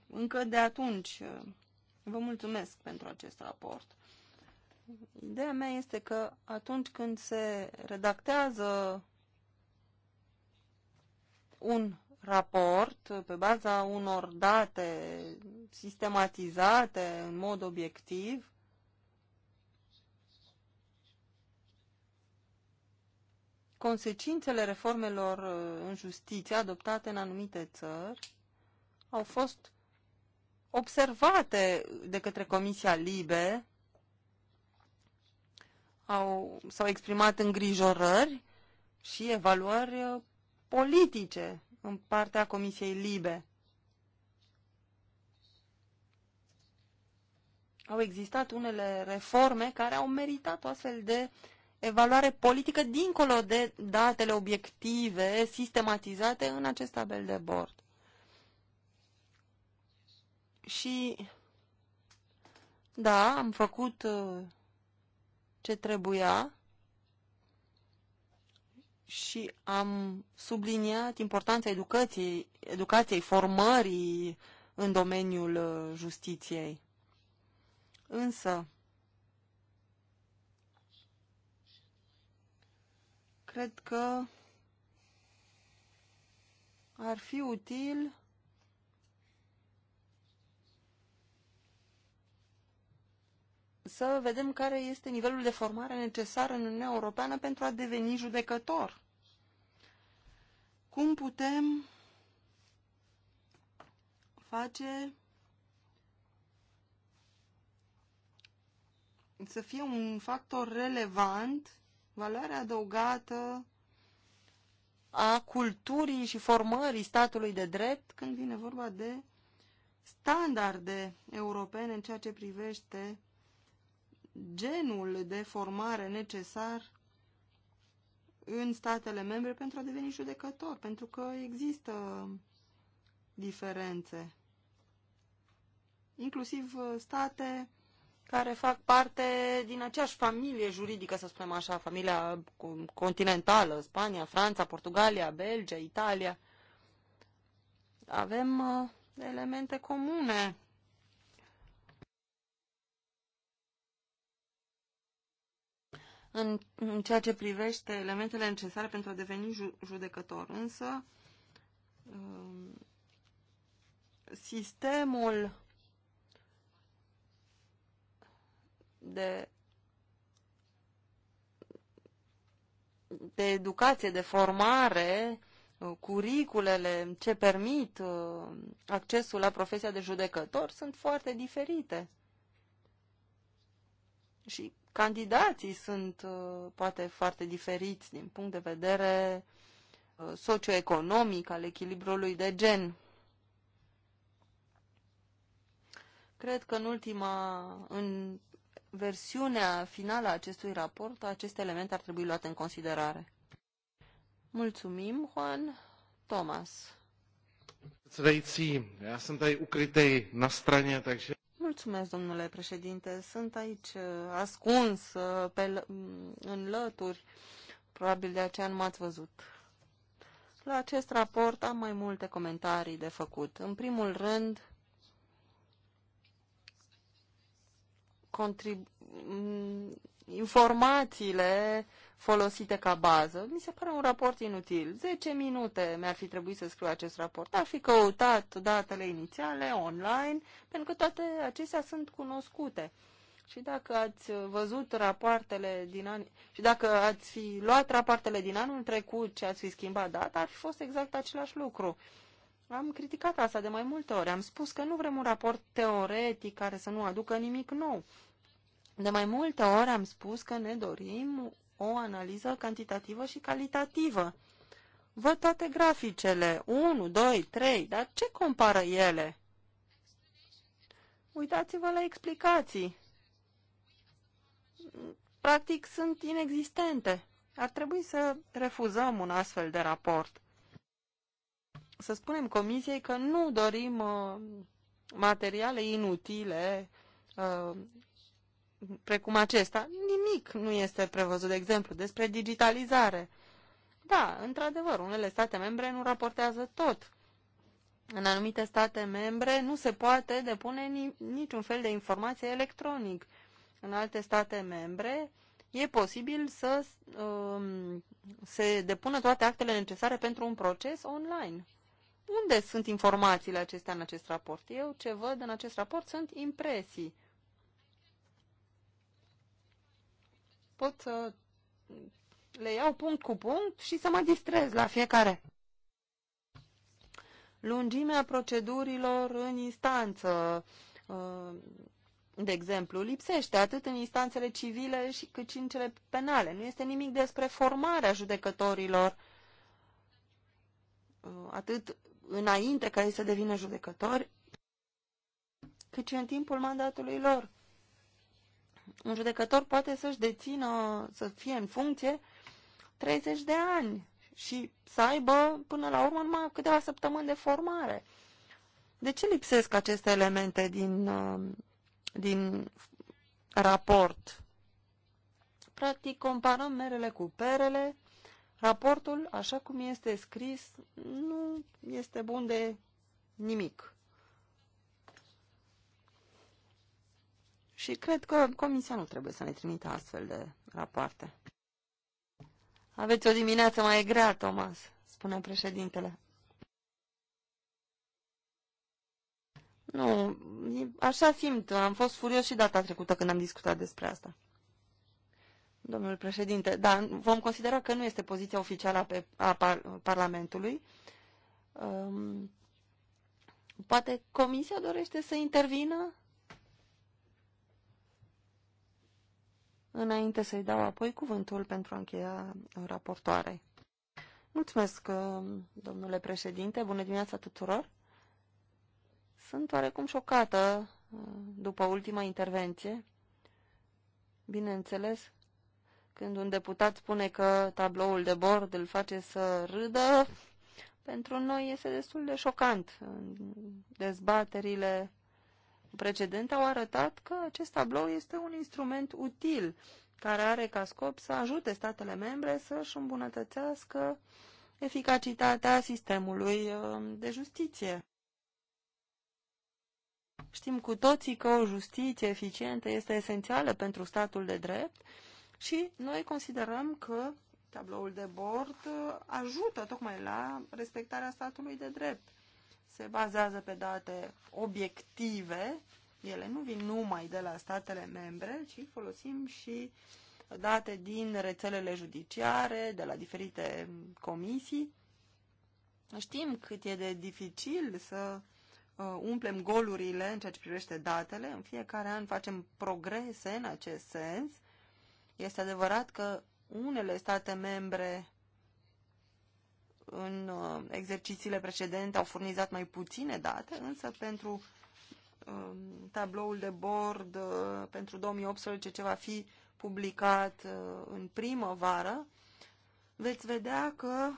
D: Încă de atunci. Uh, vă mulțumesc pentru acest raport. Ideea mea este că atunci când se redactează un raport pe baza unor date sistematizate în mod obiectiv, consecințele reformelor uh, în justiție adoptate în anumite țări au fost observate de către Comisia Libe au, s-au exprimat îngrijorări și evaluări uh, politice în partea Comisiei Libe. Au existat unele reforme care au meritat o astfel de evaluare politică dincolo de datele obiective sistematizate în acest tabel de bord. Și da, am făcut uh, ce trebuia și am subliniat importanța educației, educației formării în domeniul uh, justiției. Însă, cred că ar fi util să vedem care este nivelul de formare necesar în Uniunea Europeană pentru a deveni judecător. Cum putem face să fie un factor relevant valoarea adăugată a culturii și formării statului de drept când vine vorba de standarde europene în ceea ce privește genul de formare necesar în statele membre pentru a deveni judecător, pentru că există diferențe. Inclusiv uh, state care fac parte din aceeași familie juridică, să spunem așa, familia continentală, Spania, Franța, Portugalia, Belgia, Italia. Avem uh, elemente comune în, în ceea ce privește elementele necesare pentru a deveni ju judecător. Însă, um, sistemul de, de educație, de formare, uh, curiculele ce permit uh, accesul la profesia de judecător sunt foarte diferite. Și Candidații sunt uh, poate foarte diferiți din punct de vedere uh, socioeconomic al echilibrului de gen. Cred că în ultima, în versiunea finală a acestui raport, aceste elemente ar trebui luate în considerare. Mulțumim, Juan Thomas.
B: Předsedající, já jsem tady ukrytej na straně, takže...
D: Mulțumesc, domnule președinte. Sunt aici uh, ascuns uh, pe, mm, în lături. Probabil de aceea nu m-ați văzut. La acest raport am mai multe comentarii de făcut. În primul rând, contrib- mm, informațiile folosite ca bază. Mi se pare un raport inutil. 10 minute mi-ar fi trebuit să scriu acest raport. Ar fi căutat datele inițiale online, pentru că toate acestea sunt cunoscute. Și dacă ați văzut rapoartele din an... și dacă ați fi luat rapoartele din anul trecut și ați fi schimbat data, ar fi fost exact același lucru. Am criticat asta de mai multe ori. Am spus că nu vrem un raport teoretic care să nu aducă nimic nou. De mai multe ori am spus că ne dorim o analiză cantitativă și calitativă. Văd toate graficele, 1, 2, 3, dar ce compară ele? Uitați-vă la explicații. Practic sunt inexistente. Ar trebui să refuzăm un astfel de raport. Să spunem comisiei că nu dorim uh, materiale inutile uh, precum acesta, nimic nu este prevăzut, de exemplu, despre digitalizare. Da, într-adevăr, unele state membre nu raportează tot. În anumite state membre nu se poate depune ni niciun fel de informație electronic. În alte state membre e posibil să um, se depună toate actele necesare pentru un proces online. Unde sunt informațiile acestea în acest raport? Eu ce văd în acest raport sunt impresii pot să le iau punct cu punct și să mă distrez la fiecare. Lungimea procedurilor în instanță, uh, de exemplu, lipsește atât în instanțele civile cât și în cele penale. Nu este nimic despre formarea judecătorilor, uh, atât înainte ca ei să devină judecători, cât și în timpul mandatului lor un judecător poate să-și dețină, să fie în funcție 30 de ani și să aibă până la urmă numai câteva săptămâni de formare. De ce lipsesc aceste elemente din, uh, din raport? Practic, comparăm merele cu perele. Raportul, așa cum este scris, nu este bun de nimic. Și cred că Comisia nu trebuie să ne trimită astfel de rapoarte. Aveți o dimineață mai grea, Thomas, spune președintele. Nu, așa simt. Am fost furios și data trecută când am discutat despre asta. Domnul președinte, da, vom considera că nu este poziția oficială a, pe, a par, Parlamentului. Um, poate Comisia dorește să intervină? înainte să-i dau apoi cuvântul pentru a încheia raportoare. Mulțumesc, uh, domnule președinte. Bună dimineața tuturor. Sunt oarecum șocată uh, după ultima intervenție. Bineînțeles, când un deputat spune că tabloul de bord îl face să râdă, pentru noi este destul de șocant. Dezbaterile precedente au arătat că acest tablou este un instrument util care are ca scop să ajute statele membre să-și îmbunătățească eficacitatea sistemului uh, de justiție. Știm cu toții că o justiție eficientă este esențială pentru statul de drept și noi considerăm că tabloul de bord uh, ajută tocmai la respectarea statului de drept se bazează pe date obiective, ele nu vin numai de la statele membre, ci folosim și date din rețelele judiciare, de la diferite comisii. Știm cât e de dificil să uh, umplem golurile în ceea ce privește datele. În fiecare an facem progrese în acest sens. Este adevărat că unele state membre în uh, exercițiile precedente au furnizat mai puține date, însă pentru um, tabloul de bord uh, pentru 2018 ce va fi publicat uh, în primăvară, veți vedea că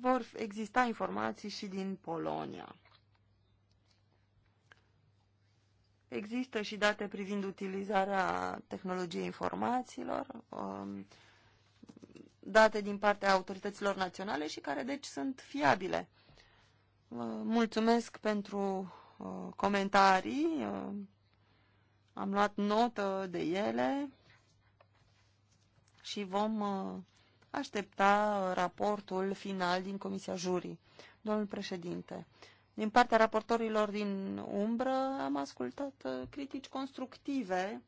D: vor exista informații și din Polonia. Există și date privind utilizarea tehnologiei informațiilor, um, date din partea autorităților naționale și care deci sunt fiabile. mulțumesc pentru uh, comentarii, uh, am luat notă de ele și vom uh, aștepta raportul final din Comisia Jurii. Domnul președinte, din partea raportorilor din umbră am ascultat critici constructive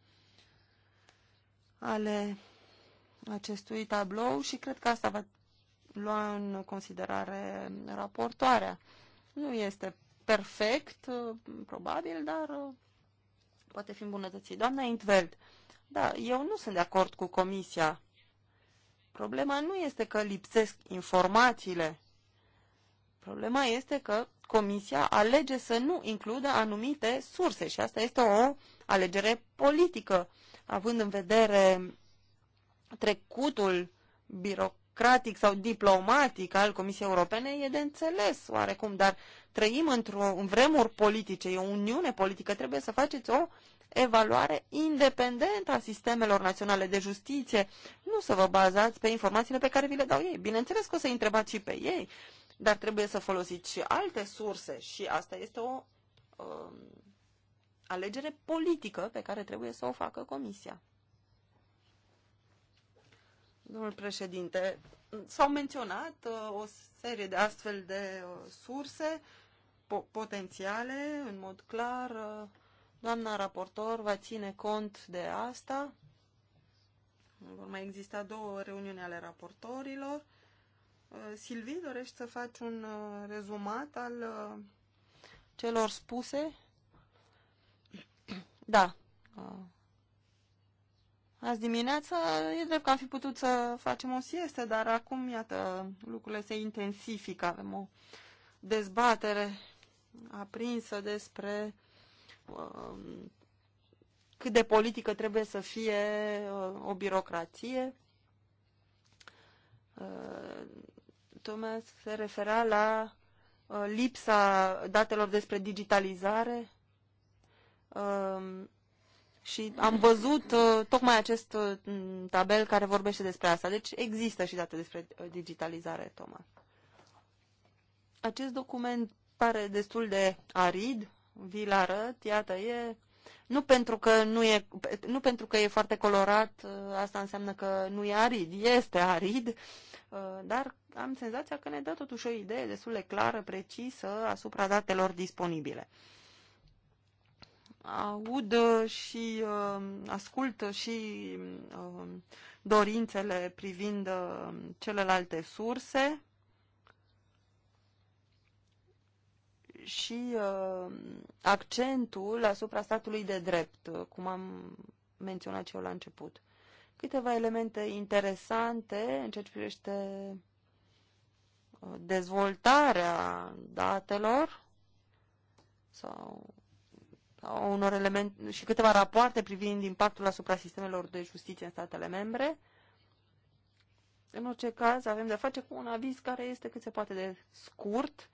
D: ale acestui tablou și cred că asta va lua în considerare raportoarea. Nu este perfect, uh, probabil, dar uh, poate fi îmbunătățit. Doamna Intveld, da, eu nu sunt de acord cu comisia. Problema nu este că lipsesc informațiile. Problema este că comisia alege să nu includă anumite surse și asta este o alegere politică, având în vedere trecutul birocratic sau diplomatic al Comisiei Europene e de înțeles oarecum, dar trăim într-o în vremuri politice, e o uniune politică, trebuie să faceți o evaluare independentă a sistemelor naționale de justiție. Nu să vă bazați pe informațiile pe care vi le dau ei. Bineînțeles că o să întrebați și pe ei, dar trebuie să folosiți și alte surse și asta este o um, alegere politică pe care trebuie să o facă Comisia. Domnul președinte, s-au menționat uh, o serie de astfel de uh, surse po- potențiale, în mod clar. Uh, doamna raportor va ține cont de asta. Vor mai exista două reuniuni ale raportorilor. Uh, Silvi, dorești să faci un uh, rezumat al uh, celor spuse? Da, Azi dimineața e drept că am fi putut să facem o sieste, dar acum, iată, lucrurile se intensifică. Avem o dezbatere aprinsă despre um, cât de politică trebuie să fie uh, o birocrație. Uh, Tomea se refera la uh, lipsa datelor despre digitalizare um, și am văzut uh, tocmai acest uh, tabel care vorbește despre asta. Deci există și date despre uh, digitalizare, Toma. Acest document pare destul de arid, vi-l arăt, iată, e... Nu pentru că nu e, nu pentru că e foarte colorat, uh, asta înseamnă că nu e arid. Este arid, uh, dar am senzația că ne dă totuși o idee destul de clară, precisă asupra datelor disponibile audă și uh, ascultă și uh, dorințele privind uh, celelalte surse și uh, accentul asupra statului de drept, cum am menționat și eu la început. Câteva elemente interesante în ceea ce privește uh, dezvoltarea datelor sau unor elemente și câteva rapoarte privind impactul asupra sistemelor de justiție în statele membre. În orice caz, avem de face cu un aviz care este cât se poate de scurt.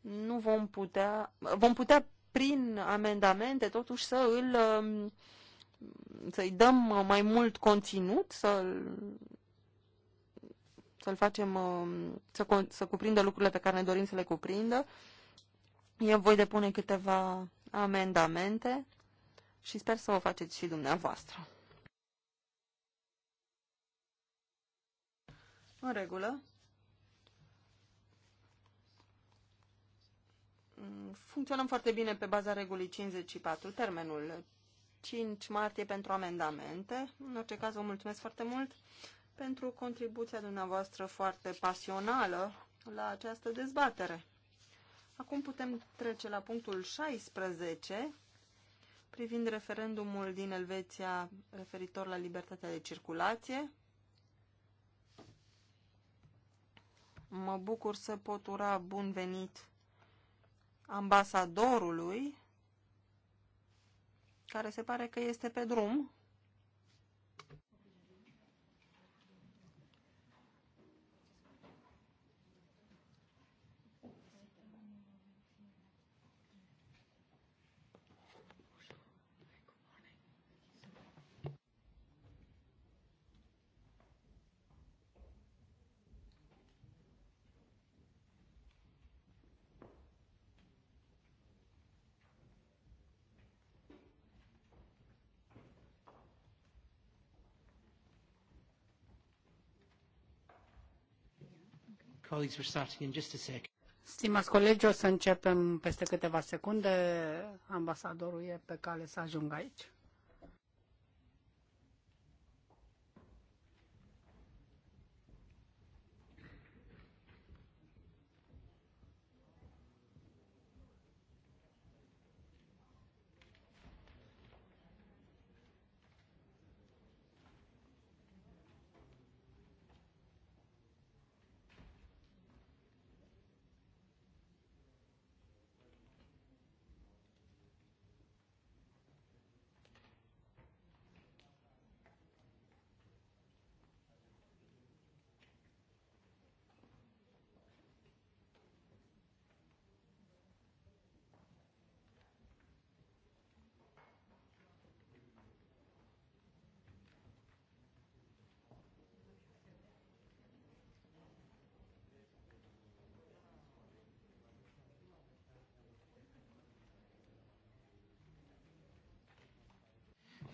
D: Nu vom putea, vom putea prin amendamente totuși să îl um, să-i dăm mai mult conținut, să-l să-l facem um, să, să cuprindă lucrurile pe care ne dorim să le cuprindă. Eu voi depune câteva amendamente și sper să o faceți și dumneavoastră. În regulă. Funcționăm foarte bine pe baza regulii 54, termenul 5 martie pentru amendamente. În orice caz, vă mulțumesc foarte mult pentru contribuția dumneavoastră foarte pasională la această dezbatere. Acum putem trece la punctul 16 privind referendumul din Elveția referitor la libertatea de circulație. Mă bucur să pot ura bun venit ambasadorului, care se pare că este pe drum.
B: colleagues, we're starting in just a
A: Stimați colegi, o să începem peste câteva secunde. Ambasadorul e pe cale să ajungă aici.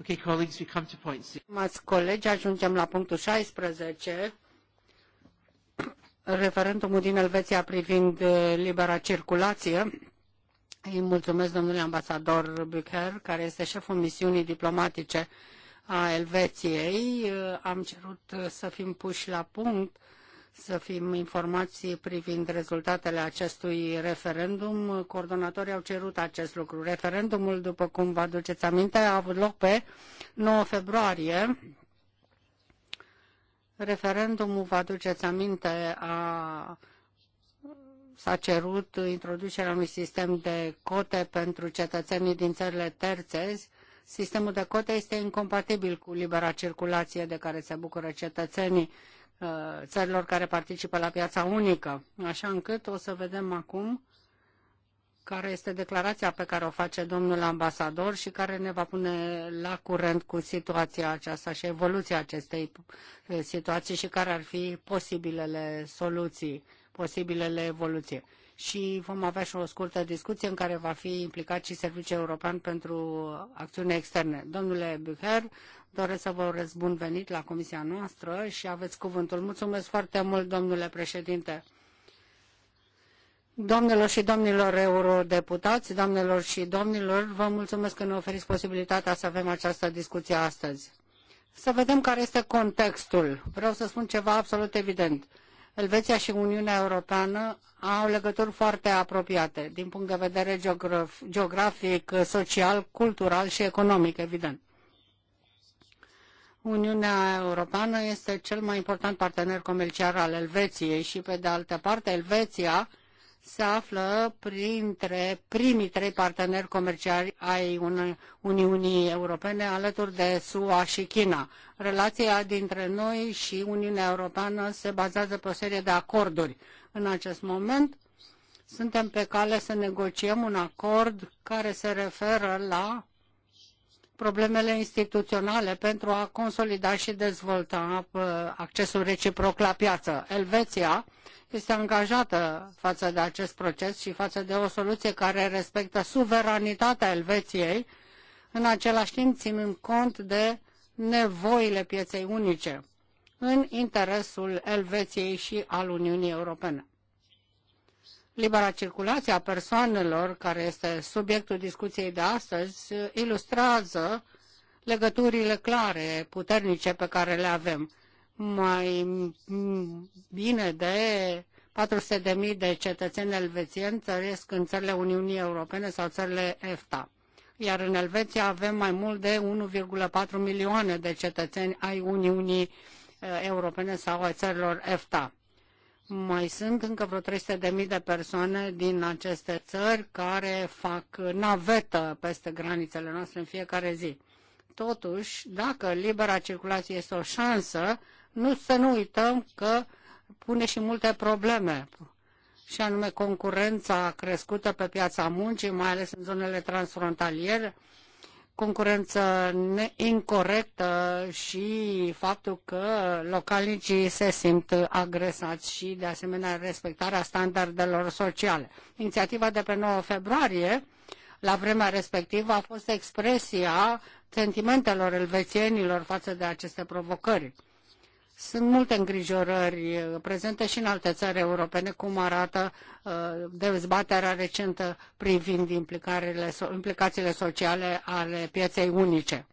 B: Okay, colleagues, we come to point six.
A: Mați colegi, ajungem la punctul 16. Referendumul din Elveția privind eh, libera circulație. Îi mulțumesc domnului ambasador Bucher, care este șeful misiunii diplomatice a Elveției. Eh, am cerut eh, să fim puși la punct uh, să fim informați privind rezultatele acestui referendum. Coordonatorii au cerut acest lucru. Referendumul, după cum vă aduceți aminte, a avut loc pe 9 februarie. Referendumul, vă aduceți aminte, a s-a cerut introducerea unui sistem de cote pentru cetățenii din țările terțe. Sistemul de cote este incompatibil cu libera circulație de care se bucură cetățenii Uh, țărilor care participă la piața unică, așa încât o să vedem acum care este declarația pe care o face domnul ambasador și care ne va pune la curent cu situația aceasta și evoluția acestei uh, situații și care ar fi posibilele soluții, posibilele evoluții și vom avea și o scurtă discuție în care va fi implicat și Serviciul European pentru Acțiune Externe. Domnule Bucher, doresc să vă urez bun venit la comisia noastră și aveți cuvântul. Mulțumesc foarte mult, domnule președinte. Domnilor și domnilor eurodeputați, doamnelor și domnilor, vă mulțumesc că ne oferiți posibilitatea să avem această discuție astăzi. Să vedem care este contextul. Vreau să spun ceva absolut evident. Elveția și Uniunea Europeană au legături foarte apropiate din punct de vedere geograf, geografic, social, cultural și economic, evident. Uniunea Europeană este cel mai important partener comercial al Elveției și, pe de altă parte, Elveția se află printre primii trei parteneri comerciali ai Uniunii Europene alături de SUA și China. Relația dintre noi și Uniunea Europeană se bazează pe o serie de acorduri. În acest moment suntem pe cale să negociem un acord care se referă la problemele instituționale pentru a consolida și dezvolta uh, accesul reciproc la piață. Elveția este angajată față de acest proces și față de o soluție care respectă suveranitatea Elveției, în același timp ținând cont de nevoile pieței unice în interesul Elveției și al Uniunii Europene. Libera circulație a persoanelor, care este subiectul discuției de astăzi, ilustrează legăturile clare, puternice pe care le avem mai bine de 400.000 de cetățeni elvețieni trăiesc în țările Uniunii Europene sau țările EFTA. Iar în Elveția avem mai mult de 1,4 milioane de cetățeni ai Uniunii eh, Europene sau ai țărilor EFTA. Mai sunt încă vreo 300.000 de persoane din aceste țări care fac navetă peste granițele noastre în fiecare zi. Totuși, dacă libera circulație este o șansă, nu să nu uităm că pune și multe probleme și anume concurența crescută pe piața muncii, mai ales în zonele transfrontaliere, concurență incorrectă și faptul că localnicii se simt agresați și, de asemenea, respectarea standardelor sociale. Inițiativa de pe 9 februarie, la vremea respectivă, a fost expresia sentimentelor elvețienilor față de aceste provocări. Sunt multe îngrijorări uh, prezente și în alte țări europene, cum arată uh, dezbaterea recentă privind implicațiile sociale ale pieței unice.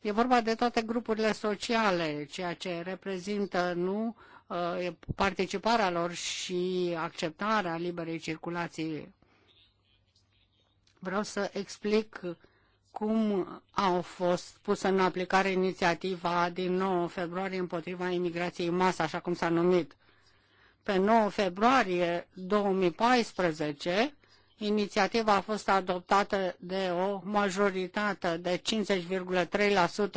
A: E vorba de toate grupurile sociale, ceea ce reprezintă nu uh, participarea lor și acceptarea liberei circulații. Vreau să explic cum au fost pusă în aplicare inițiativa din 9 februarie împotriva imigrației masă, așa cum s-a numit. Pe 9 februarie 2014, Inițiativa a fost adoptată de o majoritate de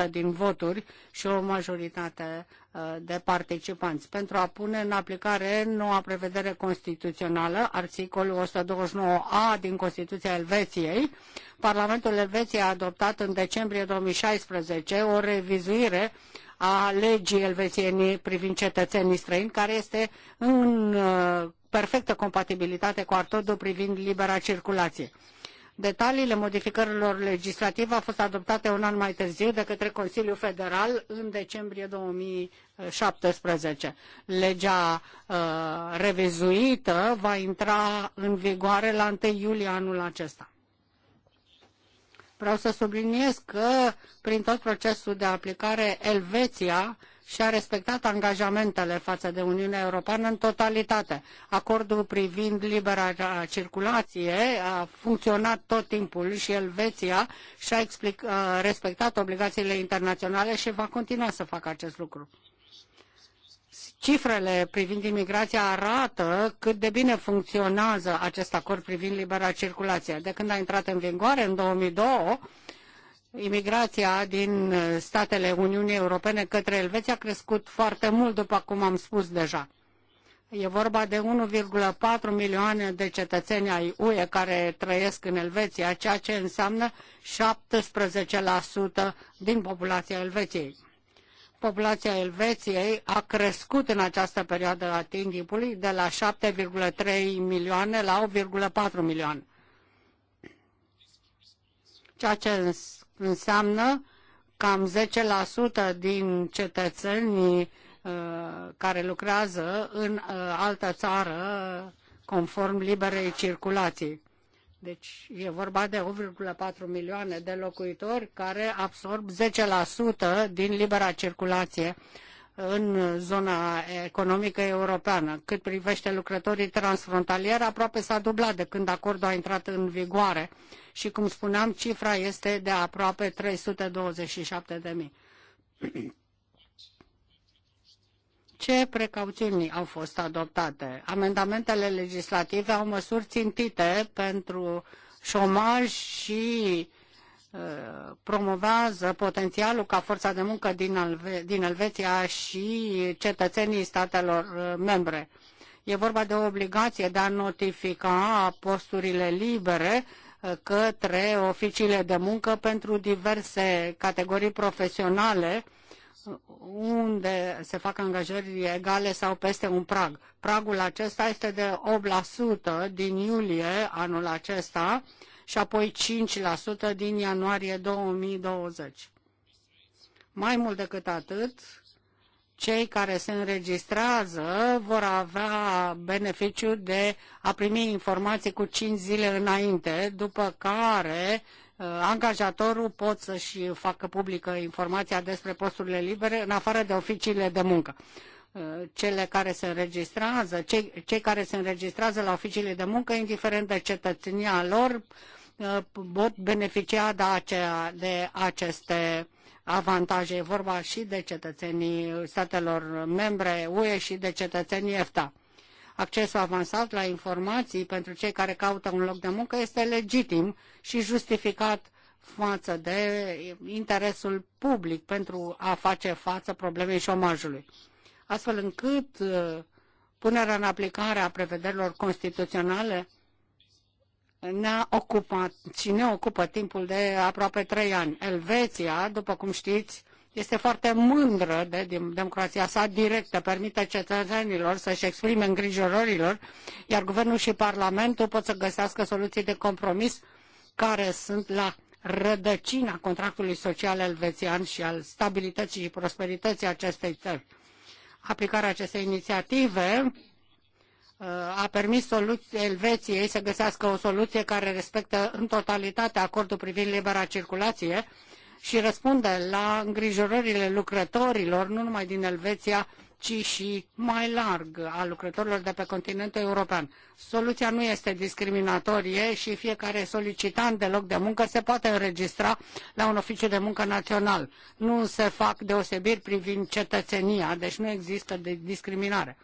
A: 50,3% din voturi și o majoritate uh, de participanți pentru a pune în aplicare noua prevedere constituțională, articolul 129a din Constituția Elveției. Parlamentul Elveției a adoptat în decembrie 2016 o revizuire a legii elvețienii privind cetățenii străini, care este în uh, perfectă compatibilitate cu acordul privind libera circulație. Detaliile modificărilor legislative au fost adoptate un an mai târziu de către Consiliul Federal în decembrie 2017. Legea uh, revizuită va intra în vigoare la 1 iulie anul acesta. Vreau să subliniez că prin tot procesul de aplicare Elveția și a respectat angajamentele față de Uniunea Europeană în totalitate. Acordul privind libera circulație a funcționat tot timpul și Elveția și-a respectat obligațiile internaționale și va continua să facă acest lucru. Cifrele privind imigrația arată cât de bine funcționează acest acord privind libera circulație. De când a intrat în vigoare, în 2002, imigrația din uh, statele Uniunii Europene către Elveția a crescut foarte mult, după cum am spus deja. E vorba de 1,4 milioane de cetățeni ai UE care trăiesc în Elveția, ceea ce înseamnă 17% din populația Elveției. Populația Elveției a crescut în această perioadă a timpului de la 7,3 milioane la 8,4 milioane. Ceea ce înseamnă cam 10% din cetățenii uh, care lucrează în uh, altă țară conform liberei circulații. Deci e vorba de 1,4 milioane de locuitori care absorb 10% din libera circulație în zona economică europeană. Cât privește lucrătorii transfrontalieri, aproape s-a dublat de când acordul a intrat în vigoare. Uh, și, cum spuneam, cifra este de aproape 327 de mii. Ce precauțiuni au fost adoptate? Amendamentele legislative au măsuri țintite pentru șomaj și uh, promovează potențialul ca forța de muncă din, Alve- din Elveția și cetățenii statelor uh, membre. E vorba de o obligație de a notifica posturile libere către oficiile de muncă pentru diverse categorii profesionale unde se fac angajări egale sau peste un prag. Pragul acesta este de 8% din iulie anul acesta și apoi 5% din ianuarie 2020. Mai mult decât atât, cei care se înregistrează vor avea beneficiu de a primi informații cu 5 zile înainte, după care uh, angajatorul pot să-și facă publică informația despre posturile libere în afară de oficiile de muncă. Uh, cele care se înregistrează, cei, cei care se înregistrează la oficiile de muncă, indiferent de cetățenia lor, uh, pot beneficia de, acea, de aceste avantaje. E vorba și de cetățenii statelor membre UE și de cetățenii EFTA. Accesul avansat la informații pentru cei care caută un loc de muncă este legitim și justificat față de interesul public pentru a face față problemei șomajului. Astfel încât uh, punerea în aplicare a prevederilor constituționale ne-a ocupat și ne ocupă timpul de aproape trei ani. Elveția, după cum știți, este foarte mândră de democrația sa directă, permite cetățenilor să-și exprime îngrijorărilor, iar guvernul și parlamentul pot să găsească soluții de compromis care sunt la rădăcina contractului social elvețian și al stabilității și prosperității acestei țări. Aplicarea acestei inițiative Uh, a permis soluție, Elveției să găsească o soluție care respectă în totalitate acordul privind libera circulație și răspunde la îngrijorările lucrătorilor, nu numai din Elveția, ci și mai larg a lucrătorilor de pe continentul european. Soluția nu este discriminatorie și fiecare solicitant de loc de muncă se poate înregistra la un oficiu de muncă național. Nu se fac deosebiri privind cetățenia, deci nu există de discriminare.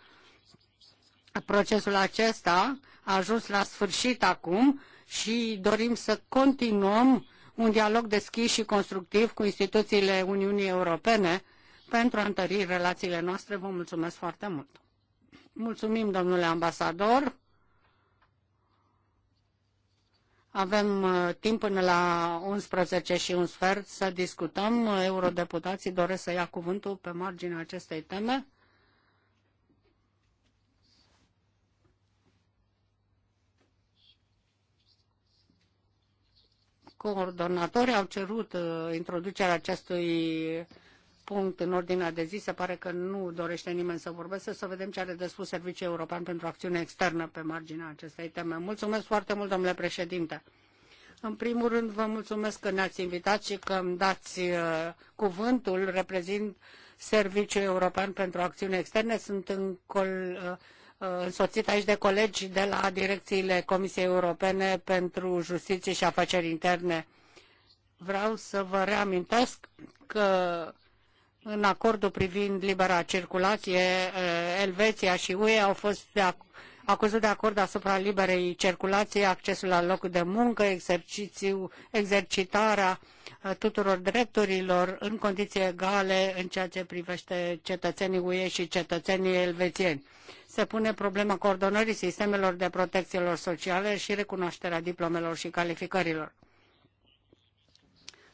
A: Procesul acesta a ajuns la sfârșit acum și dorim să continuăm un dialog deschis și constructiv cu instituțiile Uniunii Europene pentru a întări relațiile noastre. Vă mulțumesc foarte mult! Mulțumim, domnule ambasador! Avem uh, timp până la 11 și un sfert să discutăm. Eurodeputații doresc să ia cuvântul pe marginea acestei teme. coordonatori au cerut uh, introducerea acestui punct în ordinea de zi. Se pare că nu dorește nimeni să vorbească. Să vedem ce are de spus Serviciul European pentru Acțiune Externă pe marginea acestei teme. Mulțumesc foarte mult, domnule președinte. În primul rând, vă mulțumesc că ne-ați invitat și că îmi dați uh, cuvântul. Reprezint Serviciul European pentru Acțiune externă. Sunt în col, uh, însoțit aici de colegi de la direcțiile Comisiei Europene pentru Justiție și Afaceri Interne. Vreau să vă reamintesc că în acordul privind libera circulație, eh, Elveția și UE au fost de ac- acuzat de acord asupra liberei circulației, accesul la locul de muncă, exercițiu, exercitarea eh, tuturor drepturilor în condiții egale în ceea ce privește cetățenii UE și cetățenii elvețieni se pune problema coordonării sistemelor de protecțiilor sociale și recunoașterea diplomelor și calificărilor.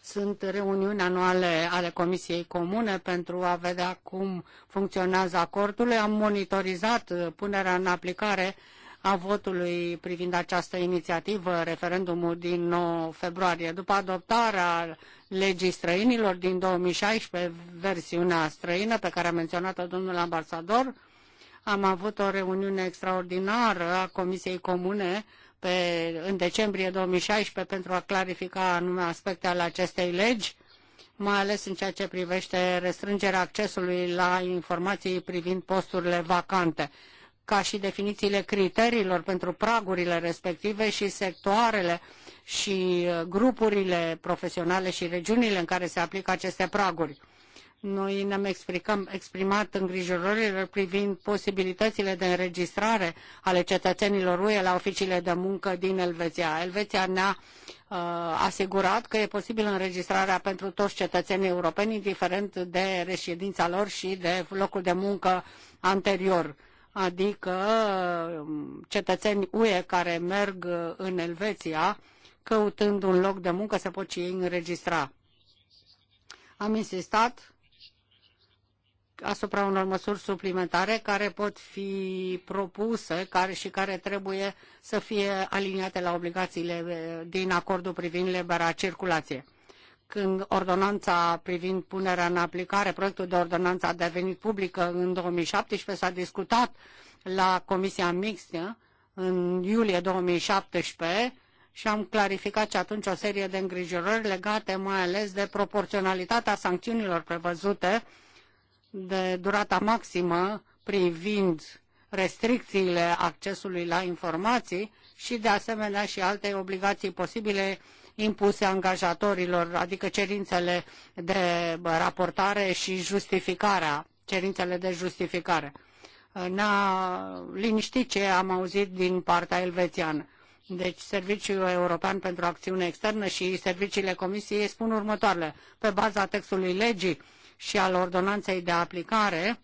A: Sunt reuniuni anuale ale Comisiei Comune pentru a vedea cum funcționează acordul. Am monitorizat punerea în aplicare a votului privind această inițiativă, referendumul din 9 februarie. După adoptarea legii străinilor din 2016, versiunea străină pe care a menționat-o domnul ambasador, am avut o reuniune extraordinară a Comisiei Comune pe, în decembrie 2016 pentru a clarifica anume aspecte ale acestei legi, mai ales în ceea ce privește restrângerea accesului la informații privind posturile vacante ca și definițiile criteriilor pentru pragurile respective și sectoarele și uh, grupurile profesionale și regiunile în care se aplică aceste praguri. Noi ne-am exprimat îngrijorările privind posibilitățile de înregistrare ale cetățenilor UE la oficiile de muncă din Elveția. Elveția ne-a uh, asigurat că e posibil înregistrarea pentru toți cetățenii europeni, indiferent de reședința lor și de locul de muncă anterior adică uh, cetățenii UE care merg în Elveția căutând un loc de muncă se pot și ei înregistra. Am insistat asupra unor măsuri suplimentare care pot fi propuse care, și care trebuie să fie aliniate la obligațiile eh, din acordul privind libera circulație. Când ordonanța privind punerea în aplicare, proiectul de ordonanță a devenit publică în 2017, s-a discutat la Comisia Mixtă în iulie 2017 și am clarificat și atunci o serie de îngrijorări legate mai ales de proporționalitatea sancțiunilor prevăzute uh, de durata maximă privind restricțiile accesului la informații și de asemenea și alte obligații posibile impuse angajatorilor, adică cerințele de raportare și justificarea, cerințele de justificare. Ne-a liniștit ce am auzit din partea elvețiană. Deci Serviciul European pentru Acțiune Externă și serviciile Comisiei spun următoarele. Pe baza textului legii, și al ordonanței de aplicare,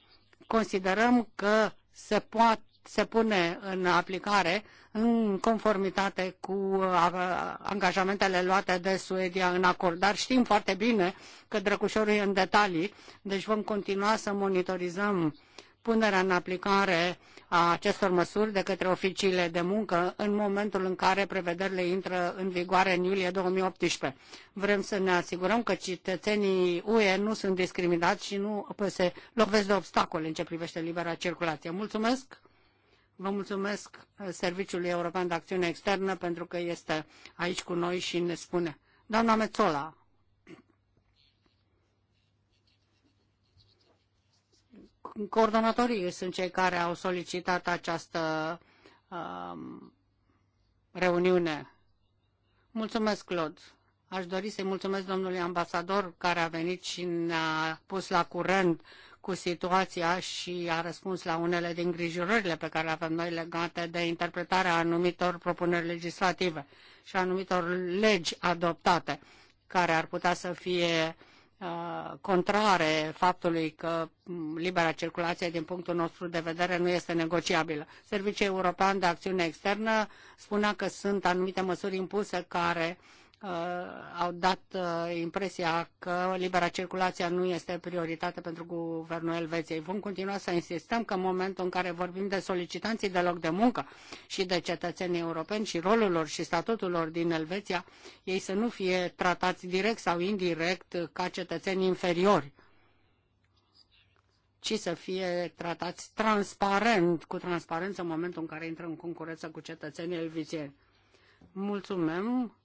A: considerăm că se poate se pune în aplicare în conformitate cu uh, angajamentele luate de Suedia în acord. Dar știm foarte bine că drăgușorul e în detalii, deci vom continua să monitorizăm punerea în aplicare a acestor măsuri de către oficiile de muncă în momentul în care prevederile intră în vigoare în iulie 2018. Vrem să ne asigurăm că cetățenii UE nu sunt discriminați și nu se lovesc de obstacole în ce privește libera circulație. Mulțumesc! Vă mulțumesc uh, Serviciului European de Acțiune Externă pentru că este aici cu noi și ne spune. Doamna Mețola, coordonatorii sunt cei care au solicitat această um, reuniune. Mulțumesc, Claude. Aș dori să-i mulțumesc domnului ambasador care a venit și ne-a pus la curent cu situația și a răspuns la unele din îngrijorările pe care le avem noi legate de interpretarea anumitor propuneri legislative și anumitor legi adoptate care ar putea să fie uh, Uh, contrare faptului că mm, libera circulație din punctul nostru de vedere nu este negociabilă. Serviciul European de Acțiune Externă spunea că sunt anumite măsuri impuse care uh, Uh, au dat uh, impresia că libera circulație nu este prioritate pentru guvernul Elveției. Vom continua să insistăm că în momentul în care vorbim de solicitanții de loc de muncă și de cetățenii europeni și rolul lor și statutul lor din Elveția, ei să nu fie tratați direct sau indirect ca cetățeni inferiori ci să fie tratați transparent, cu transparență în momentul în care intră în concurență cu cetățenii elvițieni. Mulțumim!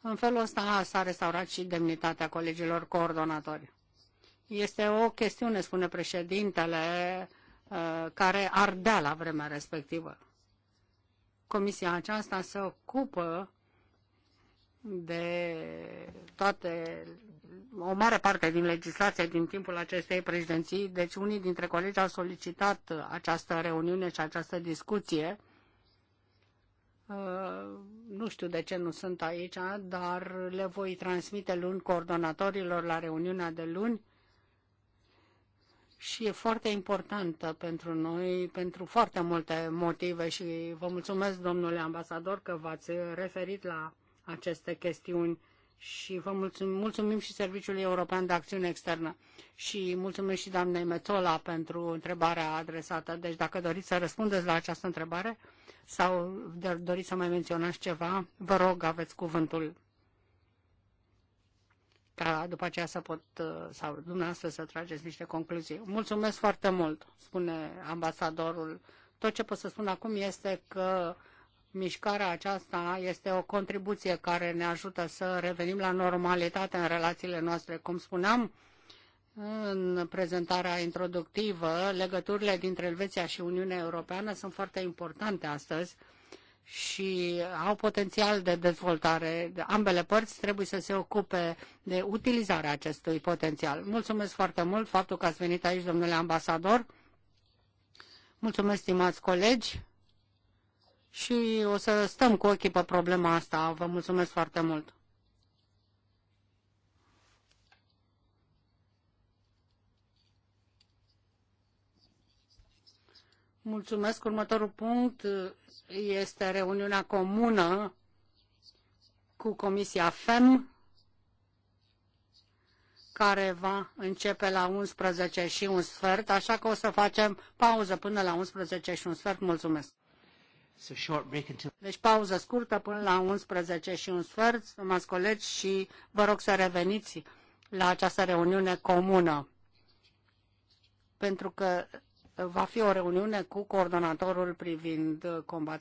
A: În felul ăsta s-a restaurat și demnitatea colegilor coordonatori. Este o chestiune, spune președintele, uh, care ardea la vremea respectivă. Comisia aceasta se ocupă de toate, o mare parte din legislație din timpul acestei președinții, deci unii dintre colegi au solicitat această reuniune și această discuție uh, nu știu de ce nu sunt aici, dar le voi transmite luni coordonatorilor la reuniunea de luni și e foarte importantă pentru noi, pentru foarte multe motive și vă mulțumesc, domnule ambasador, că v-ați referit la aceste chestiuni și vă mulțumim, mulțumim și Serviciului European de Acțiune Externă și mulțumim și doamnei Metola pentru întrebarea adresată. Deci dacă doriți să răspundeți la această întrebare, sau doriți să mai menționați ceva, vă rog, aveți cuvântul ca după aceea să pot, uh, sau dumneavoastră să trageți niște concluzii. Mulțumesc foarte mult, spune ambasadorul. Tot ce pot să spun acum este că mișcarea aceasta este o contribuție care ne ajută să revenim la normalitate în relațiile noastre. Cum spuneam, în prezentarea introductivă, legăturile dintre Elveția și Uniunea Europeană sunt foarte importante astăzi și au potențial de dezvoltare. Ambele părți trebuie să se ocupe de utilizarea acestui potențial. Mulțumesc foarte mult faptul că ați venit aici, domnule ambasador. Mulțumesc, stimați colegi. Și o să stăm cu ochii pe problema asta. Vă mulțumesc foarte mult. Mulțumesc. Următorul punct uh, este reuniunea comună cu Comisia FEM, care va începe la 11 și un sfert, așa că o să facem pauză până la 11 și un sfert. Mulțumesc! Deci pauză scurtă până la 11 și un sfert, stimați colegi, și vă rog să reveniți la această reuniune comună, pentru că va fi o reuniune cu coordonatorul privind combaterea